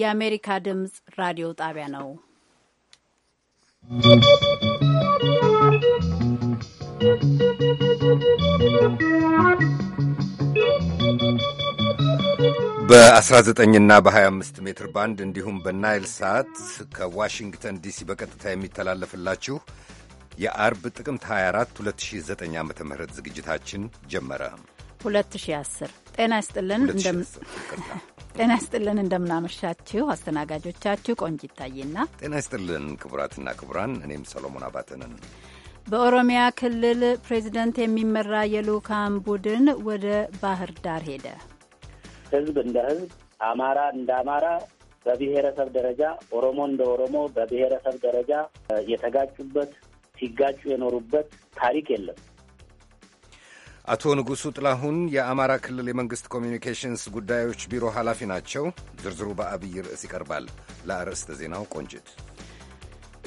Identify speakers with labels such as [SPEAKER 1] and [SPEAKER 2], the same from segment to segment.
[SPEAKER 1] የአሜሪካ ድምፅ ራዲዮ ጣቢያ ነው።
[SPEAKER 2] በ19 እና በ25 ሜትር ባንድ እንዲሁም በናይል ሳት ከዋሽንግተን ዲሲ በቀጥታ የሚተላለፍላችሁ የአርብ ጥቅምት 24 2009 ዓ ም ዝግጅታችን ጀመረ።
[SPEAKER 1] 2010 ጤና ይስጥልን። ጤና ይስጥልን እንደምናመሻችሁ። አስተናጋጆቻችሁ ቆንጅ ይታይና፣
[SPEAKER 2] ጤና ይስጥልን ክቡራትና ክቡራን፣ እኔም ሰሎሞን አባተንን
[SPEAKER 1] በኦሮሚያ ክልል ፕሬዚደንት የሚመራ የልኡካን ቡድን ወደ ባህር ዳር ሄደ።
[SPEAKER 3] ህዝብ እንደ ህዝብ፣ አማራ እንደ አማራ በብሔረሰብ ደረጃ ኦሮሞ እንደ ኦሮሞ በብሔረሰብ ደረጃ የተጋጩበት ሲጋጩ የኖሩበት ታሪክ የለም።
[SPEAKER 2] አቶ ንጉሱ ጥላሁን የአማራ ክልል የመንግሥት ኮሚኒኬሽንስ ጉዳዮች ቢሮ ኃላፊ ናቸው። ዝርዝሩ በአብይ ርዕስ ይቀርባል። ለአርዕስተ ዜናው ቆንጅት።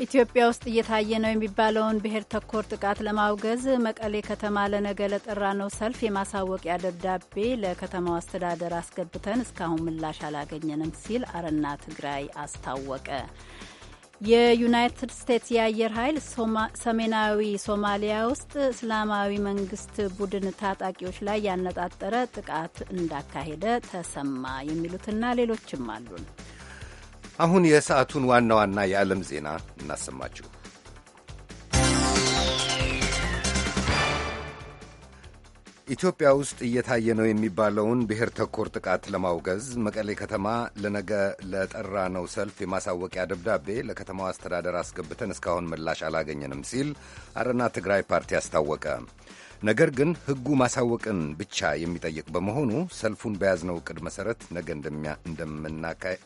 [SPEAKER 1] ኢትዮጵያ ውስጥ እየታየ ነው የሚባለውን ብሔር ተኮር ጥቃት ለማውገዝ መቀሌ ከተማ ለነገ ለጠራ ነው ሰልፍ የማሳወቂያ ደብዳቤ ለከተማው አስተዳደር አስገብተን እስካሁን ምላሽ አላገኘንም ሲል አረና ትግራይ አስታወቀ። የዩናይትድ ስቴትስ የአየር ኃይል ሰሜናዊ ሶማሊያ ውስጥ እስላማዊ መንግስት ቡድን ታጣቂዎች ላይ ያነጣጠረ ጥቃት እንዳካሄደ ተሰማ። የሚሉትና ሌሎችም አሉን።
[SPEAKER 2] አሁን የሰዓቱን ዋና ዋና የዓለም ዜና እናሰማችሁ። ኢትዮጵያ ውስጥ እየታየ ነው የሚባለውን ብሔር ተኮር ጥቃት ለማውገዝ መቀሌ ከተማ ለነገ ለጠራ ነው ሰልፍ የማሳወቂያ ደብዳቤ ለከተማው አስተዳደር አስገብተን እስካሁን ምላሽ አላገኘንም ሲል አረና ትግራይ ፓርቲ አስታወቀ። ነገር ግን ሕጉ ማሳወቅን ብቻ የሚጠይቅ በመሆኑ ሰልፉን በያዝነው ዕቅድ መሠረት ነገ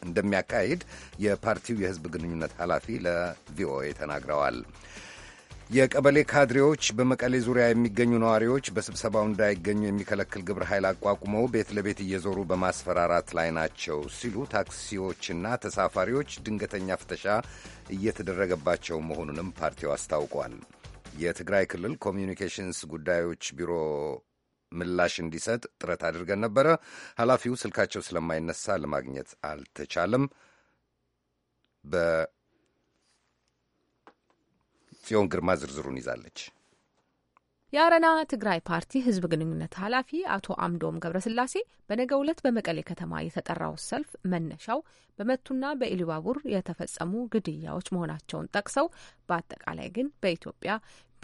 [SPEAKER 2] እንደሚያካሂድ የፓርቲው የሕዝብ ግንኙነት ኃላፊ ለቪኦኤ ተናግረዋል። የቀበሌ ካድሬዎች በመቀሌ ዙሪያ የሚገኙ ነዋሪዎች በስብሰባው እንዳይገኙ የሚከለክል ግብረ ኃይል አቋቁመው ቤት ለቤት እየዞሩ በማስፈራራት ላይ ናቸው ሲሉ ታክሲዎችና ተሳፋሪዎች ድንገተኛ ፍተሻ እየተደረገባቸው መሆኑንም ፓርቲው አስታውቋል። የትግራይ ክልል ኮሚዩኒኬሽንስ ጉዳዮች ቢሮ ምላሽ እንዲሰጥ ጥረት አድርገን ነበረ። ኃላፊው ስልካቸው ስለማይነሳ ለማግኘት አልተቻለም። ጽዮን ግርማ ዝርዝሩን ይዛለች።
[SPEAKER 4] የአረና ትግራይ ፓርቲ ህዝብ ግንኙነት ኃላፊ አቶ አምዶም ገብረስላሴ በነገው ዕለት በመቀሌ ከተማ የተጠራው ሰልፍ መነሻው በመቱና በኢሊባቡር የተፈጸሙ ግድያዎች መሆናቸውን ጠቅሰው በአጠቃላይ ግን በኢትዮጵያ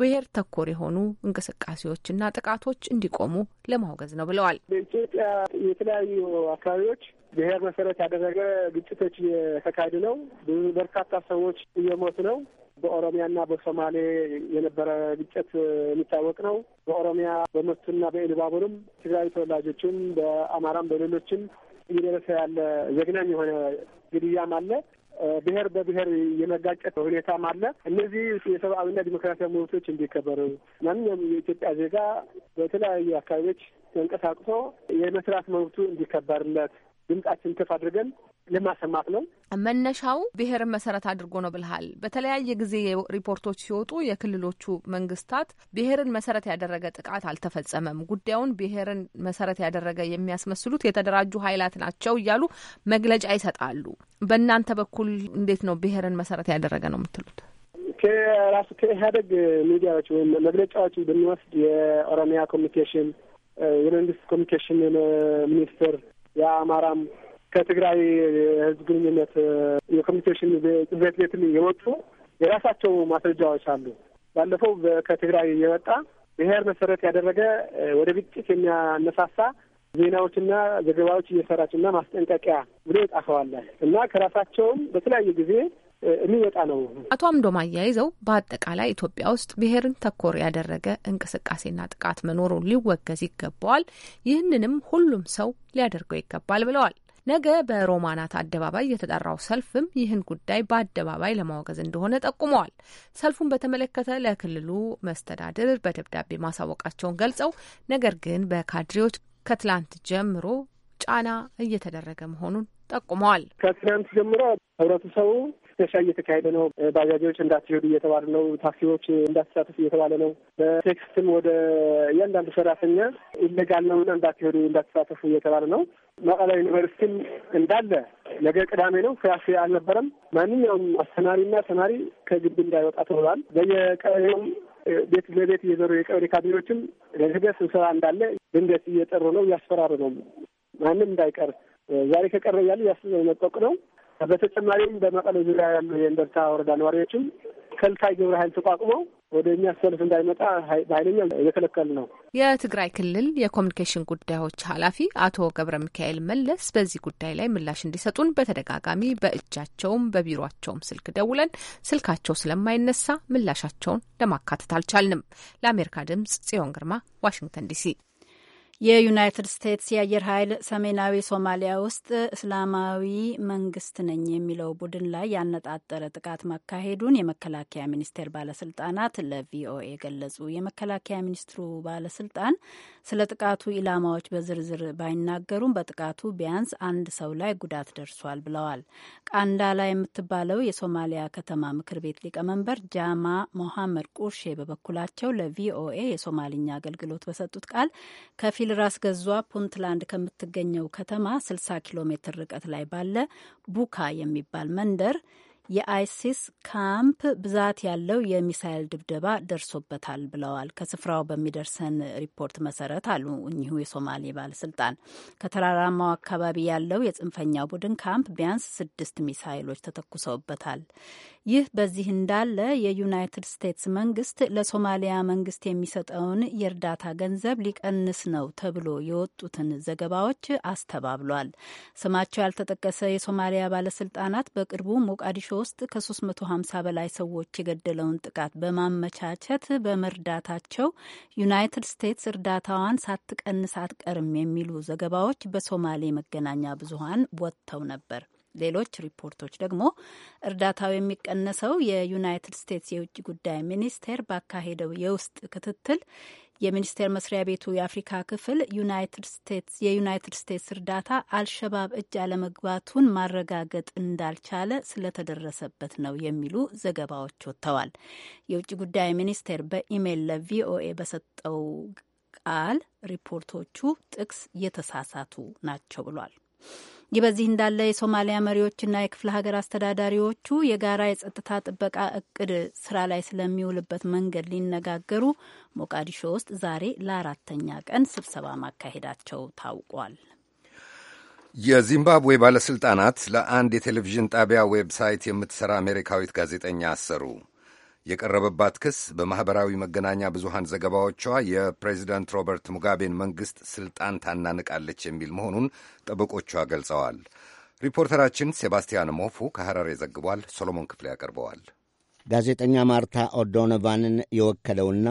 [SPEAKER 4] ብሔር ተኮር የሆኑ እንቅስቃሴዎችና ጥቃቶች እንዲቆሙ ለማውገዝ ነው ብለዋል።
[SPEAKER 5] በኢትዮጵያ የተለያዩ አካባቢዎች ብሔር መሰረት ያደረገ ግጭቶች እየተካሄዱ ነው። ብዙ በርካታ ሰዎች እየሞቱ ነው። በኦሮሚያና በሶማሌ የነበረ ግጭት የሚታወቅ ነው። በኦሮሚያ በመቱና በኢሉባቡርም ትግራዊ ተወላጆችም በአማራም በሌሎችም እየደረሰ ያለ ዘግናኝ የሆነ ግድያም አለ። ብሔር በብሔር የመጋጨት ሁኔታም አለ። እነዚህ የሰብአዊና ዲሞክራሲያዊ መብቶች እንዲከበሩ ማንኛውም የኢትዮጵያ ዜጋ በተለያዩ አካባቢዎች ተንቀሳቅሶ የመስራት መብቱ እንዲከበርለት ድምጻችን ከፍ አድርገን ለማሰማት ነው።
[SPEAKER 4] መነሻው ብሔርን መሰረት አድርጎ ነው ብልሃል። በተለያየ ጊዜ ሪፖርቶች ሲወጡ የክልሎቹ መንግስታት ብሔርን መሰረት ያደረገ ጥቃት አልተፈጸመም፣ ጉዳዩን ብሔርን መሰረት ያደረገ የሚያስመስሉት የተደራጁ ኃይላት ናቸው እያሉ መግለጫ ይሰጣሉ። በእናንተ በኩል እንዴት ነው ብሔርን መሰረት ያደረገ ነው የምትሉት?
[SPEAKER 5] ከራሱ ከኢህአዴግ ሚዲያዎች ወይም መግለጫዎች ብንወስድ የኦሮሚያ ኮሚኒኬሽን የመንግስት ኮሚኒኬሽን ሚኒስቴር የአማራም ከትግራይ ህዝብ ግንኙነት የኮሚኒኬሽን ጽሕፈት ቤት የወጡ የራሳቸው ማስረጃዎች አሉ። ባለፈው ከትግራይ የመጣ ብሔር መሰረት ያደረገ ወደ ግጭት የሚያነሳሳ ዜናዎችና ዘገባዎች እየሰራችና ማስጠንቀቂያ ብሎ ይጣፈዋል እና ከራሳቸውም በተለያየ ጊዜ የሚወጣ ነው።
[SPEAKER 4] አቶ አምዶም አያይዘው በአጠቃላይ ኢትዮጵያ ውስጥ ብሔርን ተኮር ያደረገ እንቅስቃሴና ጥቃት መኖሩን ሊወገዝ ይገባዋል፣ ይህንንም ሁሉም ሰው ሊያደርገው ይገባል ብለዋል። ነገ በሮማናት አደባባይ የተጠራው ሰልፍም ይህን ጉዳይ በአደባባይ ለማወገዝ እንደሆነ ጠቁመዋል። ሰልፉን በተመለከተ ለክልሉ መስተዳድር በደብዳቤ ማሳወቃቸውን ገልጸው ነገር ግን በካድሬዎች ከትላንት ጀምሮ ጫና እየተደረገ መሆኑን ጠቁመዋል። ከትናንት ጀምሮ ህብረተሰቡ
[SPEAKER 5] ፍተሻ እየተካሄደ ነው። ባጃጆች እንዳትሄዱ እየተባለ ነው። ታክሲዎች እንዳትሳተፍ እየተባለ ነው። በቴክስትም ወደ እያንዳንዱ ሰራተኛ ይለጋል ነውና እንዳትሄዱ እንዳትሳተፉ እየተባለ ነው። መቀለ ዩኒቨርሲቲም እንዳለ ነገ ቅዳሜ ነው። ክላስ አልነበረም። ማንኛውም አስተማሪና ተማሪ ከግቢ እንዳይወጣ ተብሏል። በየቀበሌውም ቤት ለቤት እየዞሩ የቀበሌ ካድሬዎችም ለነገ ስብሰባ እንዳለ ድንገት እየጠሩ ነው፣ እያስፈራሩ ነው። ማንም እንዳይቀር ዛሬ ከቀረ እያሉ ያስቆቅ ነው በተጨማሪም በመቀለ ዙሪያ ያሉ የእንደርታ ወረዳ ነዋሪዎችም ከልካይ ግብረ ኃይል ተቋቁመው ወደ እኛ ሰልፍ እንዳይመጣ በኃይለኛ እየከለከል ነው።
[SPEAKER 4] የትግራይ ክልል የኮሚኒኬሽን ጉዳዮች ኃላፊ አቶ ገብረ ሚካኤል መለስ በዚህ ጉዳይ ላይ ምላሽ እንዲሰጡን በተደጋጋሚ በእጃቸውም በቢሮቸውም ስልክ ደውለን ስልካቸው ስለማይነሳ ምላሻቸውን ለማካተት አልቻልንም። ለአሜሪካ ድምጽ ጽዮን ግርማ ዋሽንግተን ዲሲ የዩናይትድ ስቴትስ የአየር ኃይል
[SPEAKER 1] ሰሜናዊ ሶማሊያ ውስጥ እስላማዊ መንግስት ነኝ የሚለው ቡድን ላይ ያነጣጠረ ጥቃት ማካሄዱን የመከላከያ ሚኒስቴር ባለስልጣናት ለቪኦኤ ገለጹ። የመከላከያ ሚኒስትሩ ባለስልጣን ስለ ጥቃቱ ኢላማዎች በዝርዝር ባይናገሩም በጥቃቱ ቢያንስ አንድ ሰው ላይ ጉዳት ደርሷል ብለዋል። ቃንዳላ የምትባለው የሶማሊያ ከተማ ምክር ቤት ሊቀመንበር ጃማ ሞሐመድ ቁርሼ በበኩላቸው ለቪኦኤ የሶማልኛ አገልግሎት በሰጡት ቃል ከፊል ሲል ራስ ገዟ ፑንትላንድ ከምትገኘው ከተማ 60 ኪሎ ሜትር ርቀት ላይ ባለ ቡካ የሚባል መንደር የአይሲስ ካምፕ ብዛት ያለው የሚሳይል ድብደባ ደርሶበታል ብለዋል። ከስፍራው በሚደርሰን ሪፖርት መሰረት አሉ እኚሁ የሶማሌ ባለስልጣን። ከተራራማው አካባቢ ያለው የጽንፈኛው ቡድን ካምፕ ቢያንስ ስድስት ሚሳይሎች ተተኩሰውበታል። ይህ በዚህ እንዳለ የዩናይትድ ስቴትስ መንግስት ለሶማሊያ መንግስት የሚሰጠውን የእርዳታ ገንዘብ ሊቀንስ ነው ተብሎ የወጡትን ዘገባዎች አስተባብሏል። ስማቸው ያልተጠቀሰ የሶማሊያ ባለስልጣናት በቅርቡ ሞቃዲሾ ውስጥ ከ350 በላይ ሰዎች የገደለውን ጥቃት በማመቻቸት በመርዳታቸው ዩናይትድ ስቴትስ እርዳታዋን ሳትቀንስ አትቀርም የሚሉ ዘገባዎች በሶማሌ መገናኛ ብዙሃን ወጥተው ነበር። ሌሎች ሪፖርቶች ደግሞ እርዳታው የሚቀነሰው የዩናይትድ ስቴትስ የውጭ ጉዳይ ሚኒስቴር ባካሄደው የውስጥ ክትትል የሚኒስቴር መስሪያ ቤቱ የአፍሪካ ክፍል ዩናይትድ ስቴትስ የዩናይትድ ስቴትስ እርዳታ አልሸባብ እጅ አለመግባቱን ማረጋገጥ እንዳልቻለ ስለተደረሰበት ነው የሚሉ ዘገባዎች ወጥተዋል። የውጭ ጉዳይ ሚኒስቴር በኢሜይል ለቪኦኤ በሰጠው ቃል ሪፖርቶቹ ጥቅስ የተሳሳቱ ናቸው ብሏል። ይህ በዚህ እንዳለ የሶማሊያ መሪዎችና የክፍለ ሀገር አስተዳዳሪዎቹ የጋራ የጸጥታ ጥበቃ እቅድ ስራ ላይ ስለሚውልበት መንገድ ሊነጋገሩ ሞቃዲሾ ውስጥ ዛሬ ለአራተኛ ቀን ስብሰባ ማካሄዳቸው ታውቋል።
[SPEAKER 2] የዚምባብዌ ባለሥልጣናት ለአንድ የቴሌቪዥን ጣቢያ ዌብሳይት የምትሠራ አሜሪካዊት ጋዜጠኛ አሰሩ። የቀረበባት ክስ በማኅበራዊ መገናኛ ብዙሃን ዘገባዎቿ የፕሬዚደንት ሮበርት ሙጋቤን መንግሥት ሥልጣን ታናንቃለች የሚል መሆኑን ጠበቆቿ ገልጸዋል። ሪፖርተራችን ሴባስቲያን ሞፉ ከሐራሬ ዘግቧል። ሶሎሞን ክፍሌ ያቀርበዋል።
[SPEAKER 6] ጋዜጠኛ ማርታ ኦዶኖቫንን የወከለውና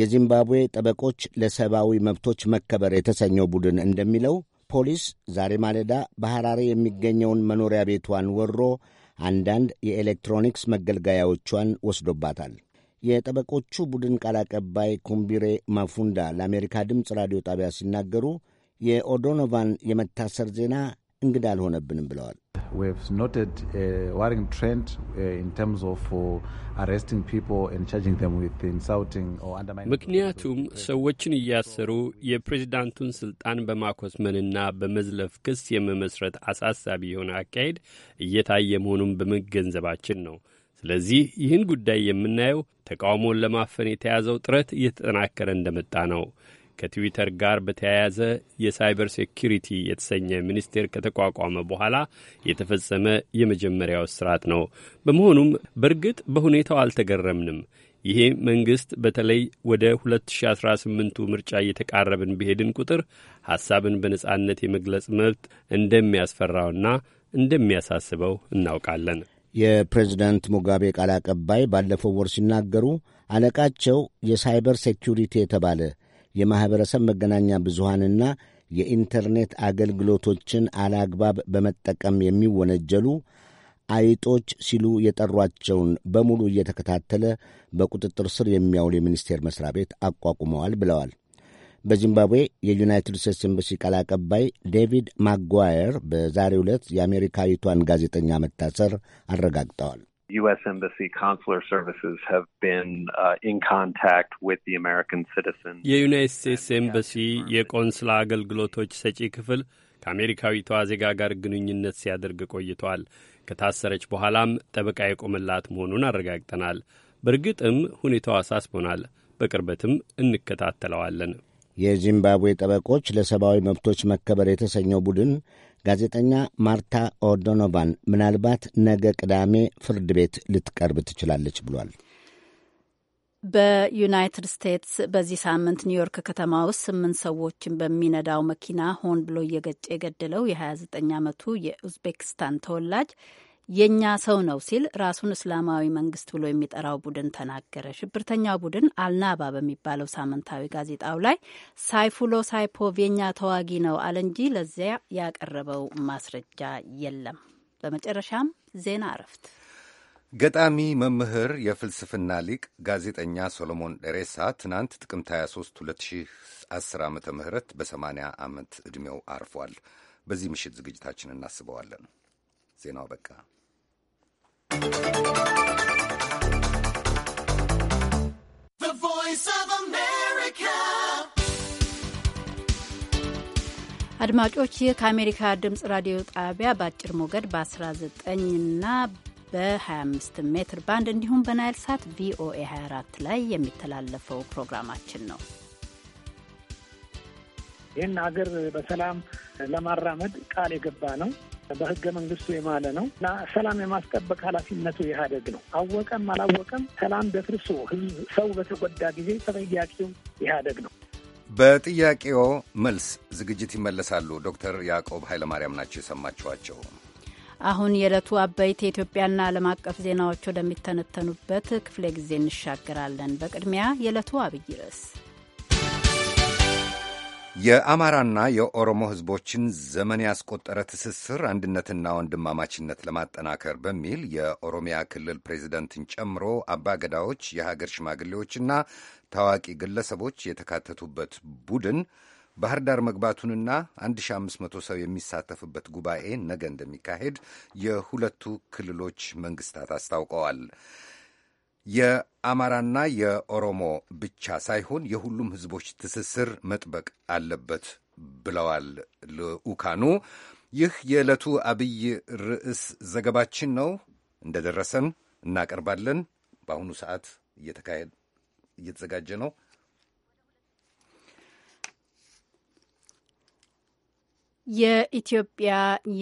[SPEAKER 6] የዚምባብዌ ጠበቆች ለሰብአዊ መብቶች መከበር የተሰኘው ቡድን እንደሚለው ፖሊስ ዛሬ ማለዳ በሐራሬ የሚገኘውን መኖሪያ ቤቷን ወሮ አንዳንድ የኤሌክትሮኒክስ መገልገያዎቿን ወስዶባታል። የጠበቆቹ ቡድን ቃል አቀባይ ኩምቢሬ ማፉንዳ ለአሜሪካ ድምፅ ራዲዮ ጣቢያ ሲናገሩ የኦዶኖቫን
[SPEAKER 7] የመታሰር ዜና እንግዳ አልሆነብንም ብለዋል። We've noted a worrying trend eh, in terms of uh, arresting people and charging them with insulting or undermining.
[SPEAKER 8] ምክንያቱም ሰዎችን እያሰሩ የፕሬዚዳንቱን ስልጣን በማኮስመንና በመዝለፍ ክስ የመመስረት አሳሳቢ የሆነ አካሄድ እየታየ መሆኑን በመገንዘባችን ነው። ስለዚህ ይህን ጉዳይ የምናየው ተቃውሞን ለማፈን የተያዘው ጥረት እየተጠናከረ እንደመጣ ነው። ከትዊተር ጋር በተያያዘ የሳይበር ሴኪሪቲ የተሰኘ ሚኒስቴር ከተቋቋመ በኋላ የተፈጸመ የመጀመሪያው ስርዓት ነው። በመሆኑም በእርግጥ በሁኔታው አልተገረምንም። ይሄ መንግሥት በተለይ ወደ 2018ቱ ምርጫ እየተቃረብን ብሄድን ቁጥር ሐሳብን በነጻነት የመግለጽ መብት እንደሚያስፈራውና እንደሚያሳስበው እናውቃለን።
[SPEAKER 6] የፕሬዝዳንት ሙጋቤ ቃል አቀባይ ባለፈው ወር ሲናገሩ አለቃቸው የሳይበር ሴኪሪቲ የተባለ የማኅበረሰብ መገናኛ ብዙሃንና የኢንተርኔት አገልግሎቶችን አላግባብ በመጠቀም የሚወነጀሉ አይጦች ሲሉ የጠሯቸውን በሙሉ እየተከታተለ በቁጥጥር ስር የሚያውል የሚኒስቴር መስሪያ ቤት አቋቁመዋል ብለዋል። በዚምባብዌ የዩናይትድ ስቴትስ ኤምባሲ ቃል አቀባይ ዴቪድ ማጓየር በዛሬ ዕለት የአሜሪካዊቷን ጋዜጠኛ መታሰር አረጋግጠዋል።
[SPEAKER 9] U.S. Embassy Consular Services have been uh, in contact with the American
[SPEAKER 8] citizens. የዩናይት ስቴትስ ኤምባሲ uh, የቆንስላ አገልግሎቶች ሰጪ ክፍል ከአሜሪካዊቷ ዜጋ ጋር ግንኙነት ሲያደርግ ቆይቷል። ከታሰረች በኋላም ጠበቃ የቆመላት መሆኑን አረጋግጠናል። በእርግጥም ሁኔታው አሳስቦናል። በቅርበትም እንከታተለዋለን።
[SPEAKER 6] የዚምባብዌ ጠበቆች ለሰብአዊ መብቶች መከበር የተሰኘው ቡድን ጋዜጠኛ ማርታ ኦዶኖቫን ምናልባት ነገ ቅዳሜ ፍርድ ቤት ልትቀርብ ትችላለች ብሏል።
[SPEAKER 1] በዩናይትድ ስቴትስ በዚህ ሳምንት ኒውዮርክ ከተማ ውስጥ ስምንት ሰዎችን በሚነዳው መኪና ሆን ብሎ እየገጨ የገደለው የ29 ዓመቱ የኡዝቤክስታን ተወላጅ የእኛ ሰው ነው ሲል ራሱን እስላማዊ መንግስት ብሎ የሚጠራው ቡድን ተናገረ። ሽብርተኛው ቡድን አልናባ በሚባለው ሳምንታዊ ጋዜጣው ላይ ሳይፉሎ ሳይፖቭ የእኛ ተዋጊ ነው አለ እንጂ ለዚያ ያቀረበው ማስረጃ የለም። በመጨረሻም ዜና እረፍት።
[SPEAKER 2] ገጣሚ፣ መምህር፣ የፍልስፍና ሊቅ ጋዜጠኛ ሶሎሞን ደሬሳ ትናንት ጥቅምት 23 2010 ዓ ም በ80 ዓመት ዕድሜው አርፏል። በዚህ ምሽት ዝግጅታችን እናስበዋለን። ዜናው በቃ።
[SPEAKER 1] አድማጮች ይህ ከአሜሪካ ድምፅ ራዲዮ ጣቢያ በአጭር ሞገድ በ19 እና በ25 ሜትር ባንድ እንዲሁም በናይል ሳት ቪኦኤ 24 ላይ የሚተላለፈው ፕሮግራማችን ነው።
[SPEAKER 9] ይህን አገር በሰላም ለማራመድ ቃል የገባ ነው። በህገ መንግስቱ የማለ ነው እና ሰላም የማስጠበቅ ኃላፊነቱ ኢህአዴግ ነው። አወቀም አላወቀም ሰላም በፍርሶ ህዝብ ሰው በተጎዳ ጊዜ ተጠያቂው
[SPEAKER 2] ኢህአዴግ ነው። በጥያቄዎ መልስ ዝግጅት ይመለሳሉ። ዶክተር ያዕቆብ ኃይለማርያም ናቸው የሰማችኋቸው።
[SPEAKER 1] አሁን የዕለቱ አበይት የኢትዮጵያና ዓለም አቀፍ ዜናዎች ወደሚተነተኑበት ክፍለ ጊዜ እንሻገራለን። በቅድሚያ የዕለቱ አብይ ርዕስ
[SPEAKER 2] የአማራና የኦሮሞ ህዝቦችን ዘመን ያስቆጠረ ትስስር አንድነትና ወንድማማችነት ለማጠናከር በሚል የኦሮሚያ ክልል ፕሬዚደንትን ጨምሮ አባገዳዎች፣ የሀገር ሽማግሌዎችና ታዋቂ ግለሰቦች የተካተቱበት ቡድን ባህር ዳር መግባቱንና 1500 ሰው የሚሳተፍበት ጉባኤ ነገ እንደሚካሄድ የሁለቱ ክልሎች መንግስታት አስታውቀዋል። የአማራና የኦሮሞ ብቻ ሳይሆን የሁሉም ህዝቦች ትስስር መጥበቅ አለበት ብለዋል ልዑካኑ። ይህ የዕለቱ አብይ ርዕስ ዘገባችን ነው። እንደደረሰን እናቀርባለን። በአሁኑ ሰዓት እየተዘጋጀ ነው።
[SPEAKER 1] የኢትዮጵያ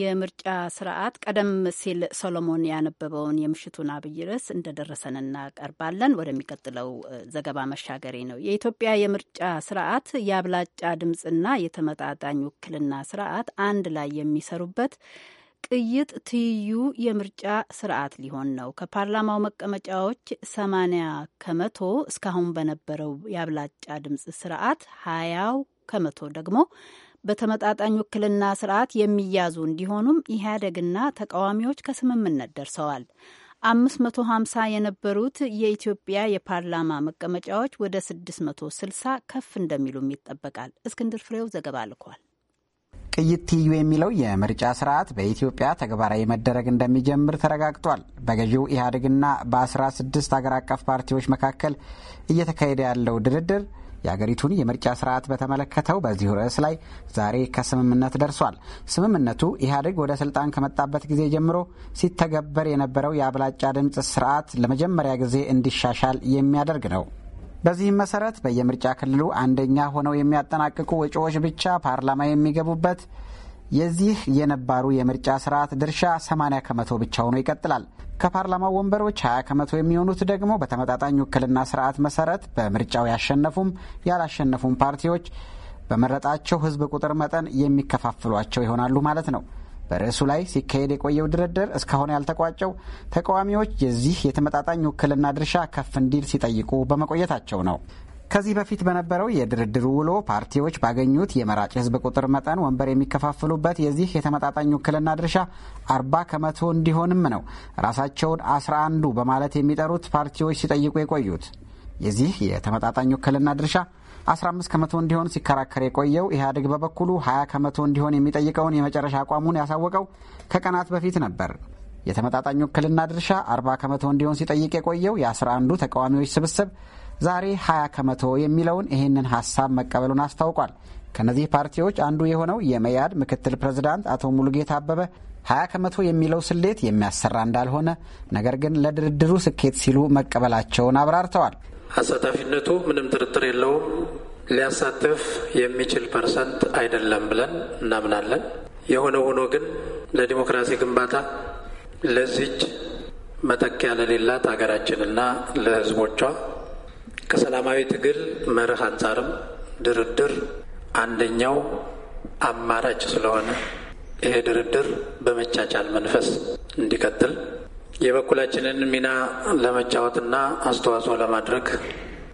[SPEAKER 1] የምርጫ ስርዓት ቀደም ሲል ሶሎሞን ያነበበውን የምሽቱን አብይ ርዕስ እንደደረሰን እናቀርባለን። ወደሚቀጥለው ዘገባ መሻገሬ ነው። የኢትዮጵያ የምርጫ ስርዓት የአብላጫ ድምፅና የተመጣጣኝ ውክልና ስርዓት አንድ ላይ የሚሰሩበት ቅይጥ ትይዩ የምርጫ ስርዓት ሊሆን ነው። ከፓርላማው መቀመጫዎች ሰማንያ ከመቶ እስካሁን በነበረው የአብላጫ ድምፅ ስርዓት ሀያው ከመቶ ደግሞ በተመጣጣኝ ውክልና ስርዓት የሚያዙ እንዲሆኑም ኢህአደግና ተቃዋሚዎች ከስምምነት ደርሰዋል። 550 የነበሩት የኢትዮጵያ የፓርላማ መቀመጫዎች ወደ 660 ከፍ እንደሚሉም ይጠበቃል። እስክንድር ፍሬው ዘገባ ልኳል።
[SPEAKER 10] ቅይት ትይዩ የሚለው የምርጫ ስርዓት በኢትዮጵያ ተግባራዊ መደረግ እንደሚጀምር ተረጋግጧል። በገዢው ኢህአዴግና በ16 አገር አቀፍ ፓርቲዎች መካከል እየተካሄደ ያለው ድርድር የአገሪቱን የምርጫ ስርዓት በተመለከተው በዚሁ ርዕስ ላይ ዛሬ ከስምምነት ደርሷል። ስምምነቱ ኢህአዴግ ወደ ስልጣን ከመጣበት ጊዜ ጀምሮ ሲተገበር የነበረው የአብላጫ ድምፅ ስርዓት ለመጀመሪያ ጊዜ እንዲሻሻል የሚያደርግ ነው። በዚህም መሰረት በየምርጫ ክልሉ አንደኛ ሆነው የሚያጠናቅቁ እጩዎች ብቻ ፓርላማ የሚገቡበት የዚህ የነባሩ የምርጫ ስርዓት ድርሻ 80 ከመቶ ብቻ ሆኖ ይቀጥላል። ከፓርላማው ወንበሮች 20 ከመቶ የሚሆኑት ደግሞ በተመጣጣኝ ውክልና ስርዓት መሰረት በምርጫው ያሸነፉም ያላሸነፉም ፓርቲዎች በመረጣቸው ህዝብ ቁጥር መጠን የሚከፋፍሏቸው ይሆናሉ ማለት ነው። በርዕሱ ላይ ሲካሄድ የቆየው ድርድር እስካሁን ያልተቋጨው ተቃዋሚዎች የዚህ የተመጣጣኝ ውክልና ድርሻ ከፍ እንዲል ሲጠይቁ በመቆየታቸው ነው። ከዚህ በፊት በነበረው የድርድር ውሎ ፓርቲዎች ባገኙት የመራጭ ህዝብ ቁጥር መጠን ወንበር የሚከፋፍሉበት የዚህ የተመጣጣኝ ውክልና ድርሻ አርባ ከመቶ እንዲሆንም ነው ራሳቸውን አስራ አንዱ በማለት የሚጠሩት ፓርቲዎች ሲጠይቁ የቆዩት። የዚህ የተመጣጣኝ ውክልና ድርሻ 15 ከመቶ እንዲሆን ሲከራከር የቆየው ኢህአዴግ በበኩሉ 20 ከመቶ እንዲሆን የሚጠይቀውን የመጨረሻ አቋሙን ያሳወቀው ከቀናት በፊት ነበር። የተመጣጣኝ ውክልና ድርሻ 40 ከመቶ እንዲሆን ሲጠይቅ የቆየው የ11ዱ ተቃዋሚዎች ስብስብ ዛሬ 20 ከመቶ የሚለውን ይህንን ሀሳብ መቀበሉን አስታውቋል። ከእነዚህ ፓርቲዎች አንዱ የሆነው የመያድ ምክትል ፕሬዝዳንት አቶ ሙሉጌታ አበበ 20 ከመቶ የሚለው ስሌት የሚያሰራ እንዳልሆነ ነገር ግን ለድርድሩ ስኬት ሲሉ መቀበላቸውን አብራርተዋል።
[SPEAKER 11] አሳታፊነቱ ምንም ጥርጥር የለውም ሊያሳትፍ የሚችል ፐርሰንት አይደለም ብለን እናምናለን። የሆነ ሆኖ ግን ለዲሞክራሲ ግንባታ ለዚች መተኪያ ለሌላት ሀገራችንና ለሕዝቦቿ ከሰላማዊ ትግል መርህ አንጻርም ድርድር አንደኛው አማራጭ ስለሆነ ይሄ ድርድር በመቻቻል መንፈስ እንዲቀጥል የበኩላችንን ሚና ለመጫወትና አስተዋጽኦ ለማድረግ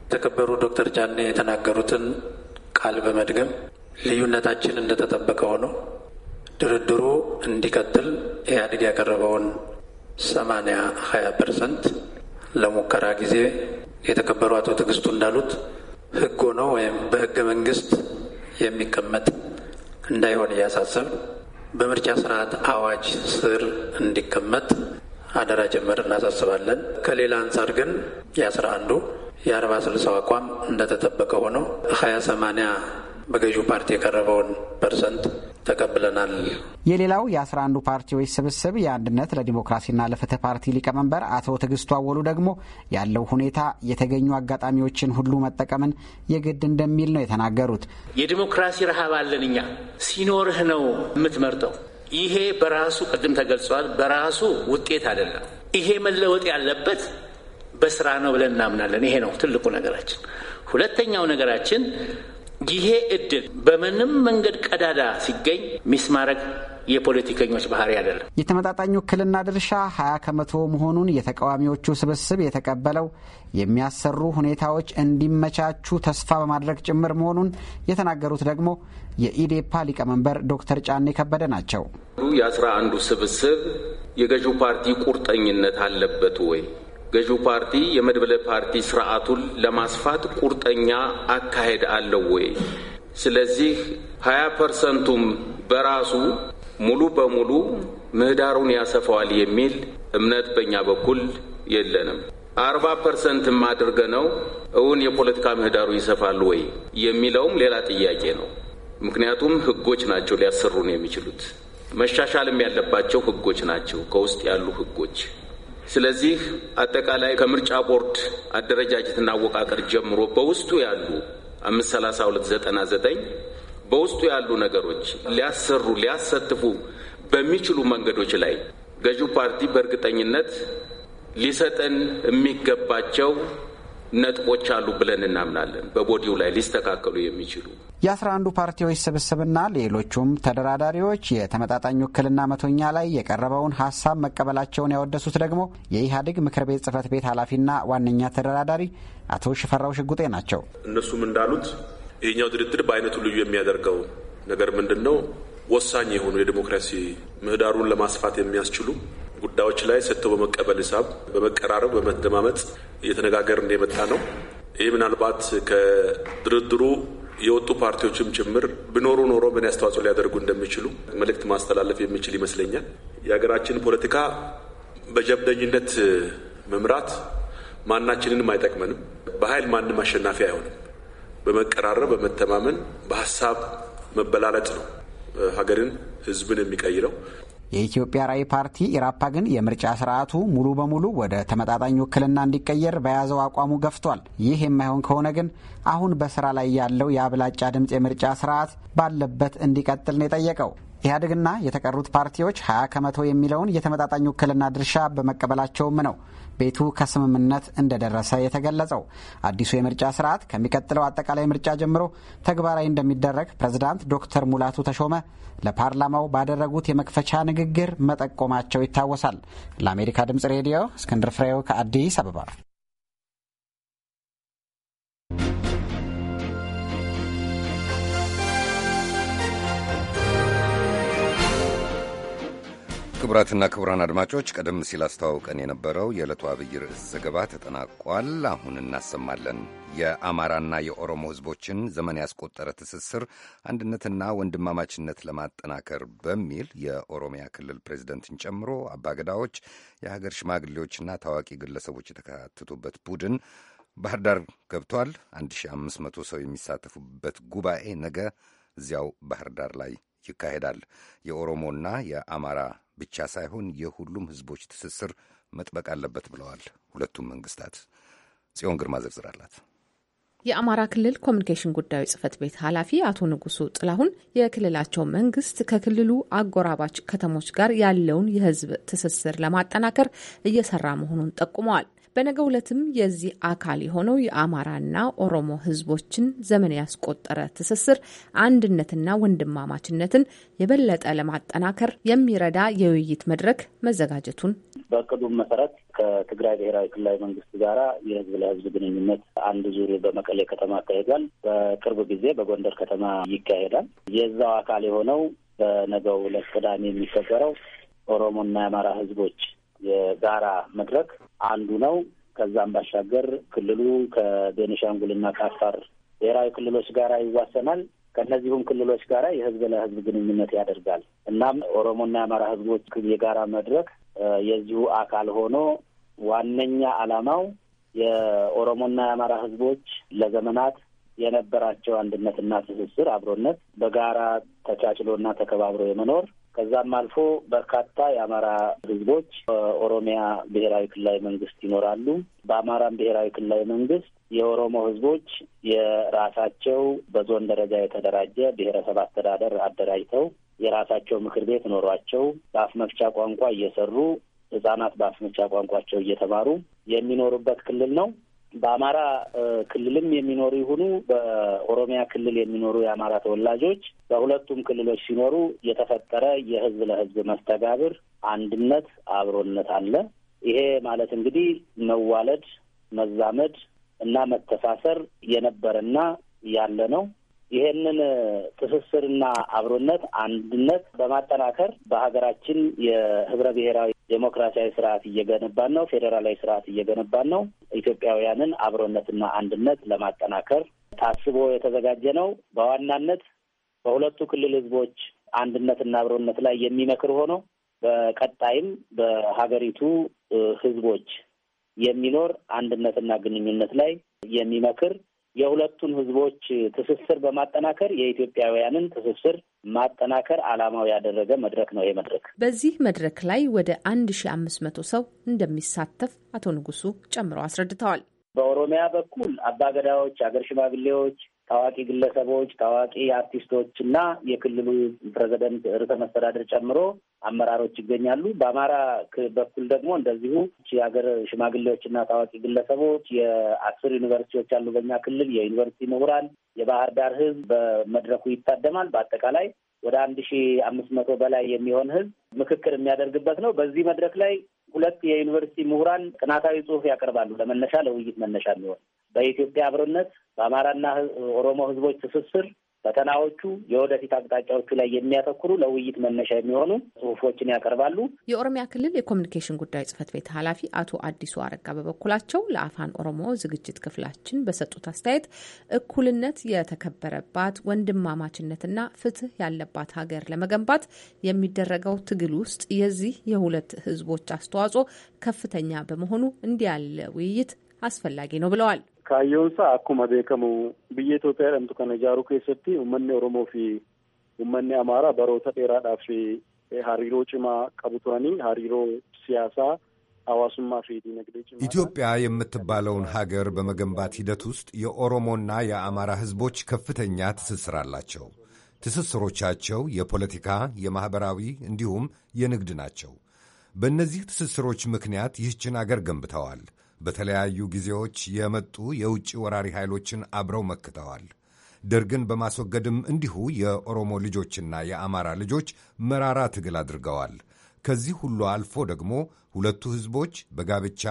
[SPEAKER 11] የተከበሩ ዶክተር ጫኔ የተናገሩትን ቃል በመድገም ልዩነታችን እንደተጠበቀ ሆኖ ድርድሩ እንዲቀጥል ኢህአዴግ ያቀረበውን ሰማንያ ሀያ ፐርሰንት ለሙከራ ጊዜ የተከበሩ አቶ ትዕግስቱ እንዳሉት ህግ ሆኖ ወይም በህገ መንግስት የሚቀመጥ እንዳይሆን እያሳሰብ በምርጫ ስርዓት አዋጅ ስር እንዲቀመጥ አደራ ጭምር እናሳስባለን። ከሌላ አንጻር ግን የአስራ አንዱ የአርባ ስልሳው አቋም እንደተጠበቀ ሆኖ ሀያ ሰማኒያ በገዢው ፓርቲ የቀረበውን ፐርሰንት ተቀብለናል።
[SPEAKER 10] የሌላው የአስራ አንዱ ፓርቲዎች ስብስብ የአንድነት ለዲሞክራሲና ለፍትህ ፓርቲ ሊቀመንበር አቶ ትዕግስቱ አወሉ ደግሞ ያለው ሁኔታ የተገኙ አጋጣሚዎችን ሁሉ መጠቀምን የግድ እንደሚል ነው የተናገሩት።
[SPEAKER 7] የዲሞክራሲ ረሃብ አለን እኛ ሲኖርህ ነው የምትመርጠው። ይሄ በራሱ ቅድም ተገልጿል፣ በራሱ ውጤት አይደለም። ይሄ መለወጥ ያለበት በስራ ነው ብለን እናምናለን። ይሄ ነው ትልቁ ነገራችን። ሁለተኛው ነገራችን ይሄ እድል በምንም መንገድ ቀዳዳ ሲገኝ ሚስማረግ የፖለቲከኞች ባህሪ አይደለም።
[SPEAKER 10] የተመጣጣኝ ውክልና ድርሻ 20 ከመቶ መሆኑን የተቃዋሚዎቹ ስብስብ የተቀበለው የሚያሰሩ ሁኔታዎች እንዲመቻቹ ተስፋ በማድረግ ጭምር መሆኑን የተናገሩት ደግሞ የኢዴፓ ሊቀመንበር ዶክተር ጫኔ ከበደ ናቸው።
[SPEAKER 7] የአስራ አንዱ ስብስብ የገዢው ፓርቲ ቁርጠኝነት አለበት ወይ ገዢው ፓርቲ የመድበለ ፓርቲ ስርዓቱን ለማስፋት ቁርጠኛ አካሄድ አለው ወይ? ስለዚህ ሀያ ፐርሰንቱም በራሱ ሙሉ በሙሉ ምህዳሩን ያሰፋዋል የሚል እምነት በእኛ በኩል የለንም። አርባ ፐርሰንትም አድርገ ነው እውን የፖለቲካ ምህዳሩ ይሰፋል ወይ የሚለውም ሌላ ጥያቄ ነው። ምክንያቱም ህጎች ናቸው ሊያሰሩን የሚችሉት መሻሻልም ያለባቸው ህጎች ናቸው ከውስጥ ያሉ ህጎች ስለዚህ አጠቃላይ ከምርጫ ቦርድ አደረጃጀትና አወቃቀር ጀምሮ በውስጡ ያሉ አምስት ሰላሳ ሁለት ዘጠና ዘጠኝ በውስጡ ያሉ ነገሮች ሊያሰሩ ሊያሳትፉ በሚችሉ መንገዶች ላይ ገዢው ፓርቲ በእርግጠኝነት ሊሰጠን የሚገባቸው ነጥቦች አሉ ብለን እናምናለን። በቦዲው ላይ ሊስተካከሉ የሚችሉ
[SPEAKER 10] የአስራ አንዱ ፓርቲዎች ስብስብና ሌሎቹም ተደራዳሪዎች የተመጣጣኝ ውክልና መቶኛ ላይ የቀረበውን ሀሳብ መቀበላቸውን ያወደሱት ደግሞ የኢህአዴግ ምክር ቤት ጽህፈት ቤት ኃላፊና ዋነኛ ተደራዳሪ አቶ ሽፈራው ሽጉጤ ናቸው።
[SPEAKER 7] እነሱም እንዳሉት ይህኛው ድርድር በአይነቱ ልዩ የሚያደርገው ነገር ምንድን ነው? ወሳኝ የሆኑ የዲሞክራሲ ምህዳሩን ለማስፋት የሚያስችሉ ጉዳዮች ላይ ሰጥቶ በመቀበል ሂሳብ በመቀራረብ በመደማመጥ እየተነጋገርን የመጣ ነው። ይህ ምናልባት ከድርድሩ የወጡ ፓርቲዎችም ጭምር ቢኖሩ ኖሮ ምን አስተዋጽኦ ሊያደርጉ እንደሚችሉ መልእክት ማስተላለፍ የሚችል ይመስለኛል። የሀገራችን ፖለቲካ በጀብደኝነት መምራት ማናችንንም አይጠቅመንም። በኃይል ማንም አሸናፊ አይሆንም። በመቀራረብ በመተማመን በሀሳብ መበላለጥ ነው ሀገርን፣ ህዝብን የሚቀይረው።
[SPEAKER 10] የኢትዮጵያ ራዕይ ፓርቲ ኢራፓ ግን የምርጫ ስርዓቱ ሙሉ በሙሉ ወደ ተመጣጣኝ ውክልና እንዲቀየር በያዘው አቋሙ ገፍቷል። ይህ የማይሆን ከሆነ ግን አሁን በስራ ላይ ያለው የአብላጫ ድምፅ የምርጫ ስርዓት ባለበት እንዲቀጥል ነው የጠየቀው። ኢህአዴግና የተቀሩት ፓርቲዎች 20 ከመቶ የሚለውን የተመጣጣኝ ውክልና ድርሻ በመቀበላቸውም ነው ቤቱ ከስምምነት እንደደረሰ የተገለጸው። አዲሱ የምርጫ ስርዓት ከሚቀጥለው አጠቃላይ ምርጫ ጀምሮ ተግባራዊ እንደሚደረግ ፕሬዝዳንት ዶክተር ሙላቱ ተሾመ ለፓርላማው ባደረጉት የመክፈቻ ንግግር መጠቆማቸው ይታወሳል። ለአሜሪካ ድምጽ ሬዲዮ እስክንድር ፍሬው ከአዲስ አበባ
[SPEAKER 2] ክቡራትና ክቡራን አድማጮች ቀደም ሲል አስተዋውቀን የነበረው የዕለቱ አብይ ርዕስ ዘገባ ተጠናቋል። አሁን እናሰማለን የአማራና የኦሮሞ ሕዝቦችን ዘመን ያስቆጠረ ትስስር አንድነትና ወንድማማችነት ለማጠናከር በሚል የኦሮሚያ ክልል ፕሬዚደንትን ጨምሮ አባገዳዎች፣ የሀገር ሽማግሌዎችና ታዋቂ ግለሰቦች የተካተቱበት ቡድን ባህር ዳር ገብቷል። 1500 ሰው የሚሳተፉበት ጉባኤ ነገ እዚያው ባህር ዳር ላይ ይካሄዳል። የኦሮሞና የአማራ ብቻ ሳይሆን የሁሉም ህዝቦች ትስስር መጥበቅ አለበት ብለዋል ሁለቱም መንግስታት። ጽዮን ግርማ ዝርዝር አላት።
[SPEAKER 4] የአማራ ክልል ኮሚኒኬሽን ጉዳዮች ጽህፈት ቤት ኃላፊ አቶ ንጉሱ ጥላሁን የክልላቸው መንግስት ከክልሉ አጎራባች ከተሞች ጋር ያለውን የህዝብ ትስስር ለማጠናከር እየሰራ መሆኑን ጠቁመዋል። በነገ ውለትም የዚህ አካል የሆነው የአማራና ኦሮሞ ህዝቦችን ዘመን ያስቆጠረ ትስስር አንድነትና ወንድማማችነትን የበለጠ ለማጠናከር የሚረዳ የውይይት መድረክ መዘጋጀቱን
[SPEAKER 3] በእቅዱም መሰረት ከትግራይ ብሔራዊ ክልላዊ መንግስት ጋራ የህዝብ ለህዝብ ግንኙነት አንድ ዙር በመቀሌ ከተማ አካሂዷል። በቅርብ ጊዜ በጎንደር ከተማ ይካሄዳል። የዛው አካል የሆነው በነገው ዕለት ቅዳሜ የሚከበረው ኦሮሞና የአማራ ህዝቦች የጋራ መድረክ አንዱ ነው። ከዛም ባሻገር ክልሉ ከቤኒሻንጉልና ከአፋር ብሔራዊ ክልሎች ጋራ ይዋሰናል። ከእነዚሁም ክልሎች ጋራ የህዝብ ለህዝብ ግንኙነት ያደርጋል። እናም ኦሮሞና የአማራ ህዝቦች የጋራ መድረክ የዚሁ አካል ሆኖ ዋነኛ ዓላማው የኦሮሞና የአማራ ህዝቦች ለዘመናት የነበራቸው አንድነትና ትስስር፣ አብሮነት በጋራ ተቻችሎና ተከባብሮ የመኖር ከዛም አልፎ በርካታ የአማራ ህዝቦች በኦሮሚያ ብሔራዊ ክልላዊ መንግስት ይኖራሉ። በአማራም ብሔራዊ ክልላዊ መንግስት የኦሮሞ ህዝቦች የራሳቸው በዞን ደረጃ የተደራጀ ብሔረሰብ አስተዳደር አደራጅተው የራሳቸው ምክር ቤት ኖሯቸው በአፍ መፍቻ ቋንቋ እየሰሩ ህጻናት በአፍ መፍቻ ቋንቋቸው እየተማሩ የሚኖሩበት ክልል ነው። በአማራ ክልልም የሚኖሩ ይሁኑ በኦሮሚያ ክልል የሚኖሩ የአማራ ተወላጆች በሁለቱም ክልሎች ሲኖሩ የተፈጠረ የህዝብ ለህዝብ መስተጋብር፣ አንድነት፣ አብሮነት አለ። ይሄ ማለት እንግዲህ መዋለድ፣ መዛመድ እና መተሳሰር የነበረና ያለ ነው። ይህንን ትስስርና አብሮነት አንድነት በማጠናከር በሀገራችን የህብረ ብሔራዊ ዴሞክራሲያዊ ስርዓት እየገነባን ነው። ፌዴራላዊ ስርዓት እየገነባን ነው። ኢትዮጵያውያንን አብሮነትና አንድነት ለማጠናከር ታስቦ የተዘጋጀ ነው። በዋናነት በሁለቱ ክልል ህዝቦች አንድነትና አብሮነት ላይ የሚመክር ሆኖ በቀጣይም በሀገሪቱ ህዝቦች የሚኖር አንድነትና ግንኙነት ላይ የሚመክር የሁለቱን ህዝቦች ትስስር በማጠናከር የኢትዮጵያውያንን ትስስር ማጠናከር ዓላማው ያደረገ መድረክ ነው። ይሄ መድረክ
[SPEAKER 4] በዚህ መድረክ ላይ ወደ አንድ ሺ አምስት መቶ ሰው እንደሚሳተፍ አቶ ንጉሱ ጨምረው አስረድተዋል።
[SPEAKER 3] በኦሮሚያ በኩል አባገዳዎች፣ አገር ሽማግሌዎች፣ ታዋቂ ግለሰቦች፣ ታዋቂ አርቲስቶች እና የክልሉ ፕሬዚደንት ርዕሰ መስተዳድር ጨምሮ አመራሮች ይገኛሉ። በአማራ በኩል ደግሞ እንደዚሁ የሀገር ሽማግሌዎች እና ታዋቂ ግለሰቦች፣ የአስር ዩኒቨርሲቲዎች አሉ በኛ ክልል የዩኒቨርሲቲ ምሁራን፣ የባህር ዳር ህዝብ በመድረኩ ይታደማል። በአጠቃላይ ወደ አንድ ሺ አምስት መቶ በላይ የሚሆን ህዝብ ምክክር የሚያደርግበት ነው። በዚህ መድረክ ላይ ሁለት የዩኒቨርሲቲ ምሁራን ጥናታዊ ጽሑፍ ያቀርባሉ ለመነሻ ለውይይት መነሻ የሚሆን በኢትዮጵያ አብሮነት በአማራና ኦሮሞ ህዝቦች ትስስር ፈተናዎቹ የወደፊት አቅጣጫዎቹ ላይ የሚያተኩሩ ለውይይት መነሻ የሚሆኑ ጽሁፎችን ያቀርባሉ።
[SPEAKER 4] የኦሮሚያ ክልል የኮሚኒኬሽን ጉዳይ ጽህፈት ቤት ኃላፊ አቶ አዲሱ አረጋ በበኩላቸው ለአፋን ኦሮሞ ዝግጅት ክፍላችን በሰጡት አስተያየት እኩልነት የተከበረባት ወንድማማችነትና ፍትህ ያለባት ሀገር ለመገንባት የሚደረገው ትግል ውስጥ የዚህ የሁለት ህዝቦች አስተዋጽኦ ከፍተኛ በመሆኑ እንዲያለ ውይይት አስፈላጊ ነው ብለዋል።
[SPEAKER 12] kaayyoonsaa akkuma beekamu biyya Itoophiyaa jedhamtu kana ijaaruu keessatti uummanni Oromoo fi uummanni Amaaraa baroota dheeraadhaaf hariiroo cimaa qabu turanii hariiroo siyaasaa ሀዋሱማ
[SPEAKER 2] ኢትዮጵያ የምትባለውን ሀገር በመገንባት ሂደት ውስጥ የኦሮሞና የአማራ ህዝቦች ከፍተኛ ትስስር አላቸው። ትስስሮቻቸው የፖለቲካ፣ የማኅበራዊ እንዲሁም የንግድ ናቸው። በእነዚህ ትስስሮች ምክንያት ይህችን አገር ገንብተዋል። በተለያዩ ጊዜዎች የመጡ የውጭ ወራሪ ኃይሎችን አብረው መክተዋል። ደርግን በማስወገድም እንዲሁ የኦሮሞ ልጆችና የአማራ ልጆች መራራ ትግል አድርገዋል። ከዚህ ሁሉ አልፎ ደግሞ ሁለቱ ሕዝቦች በጋብቻ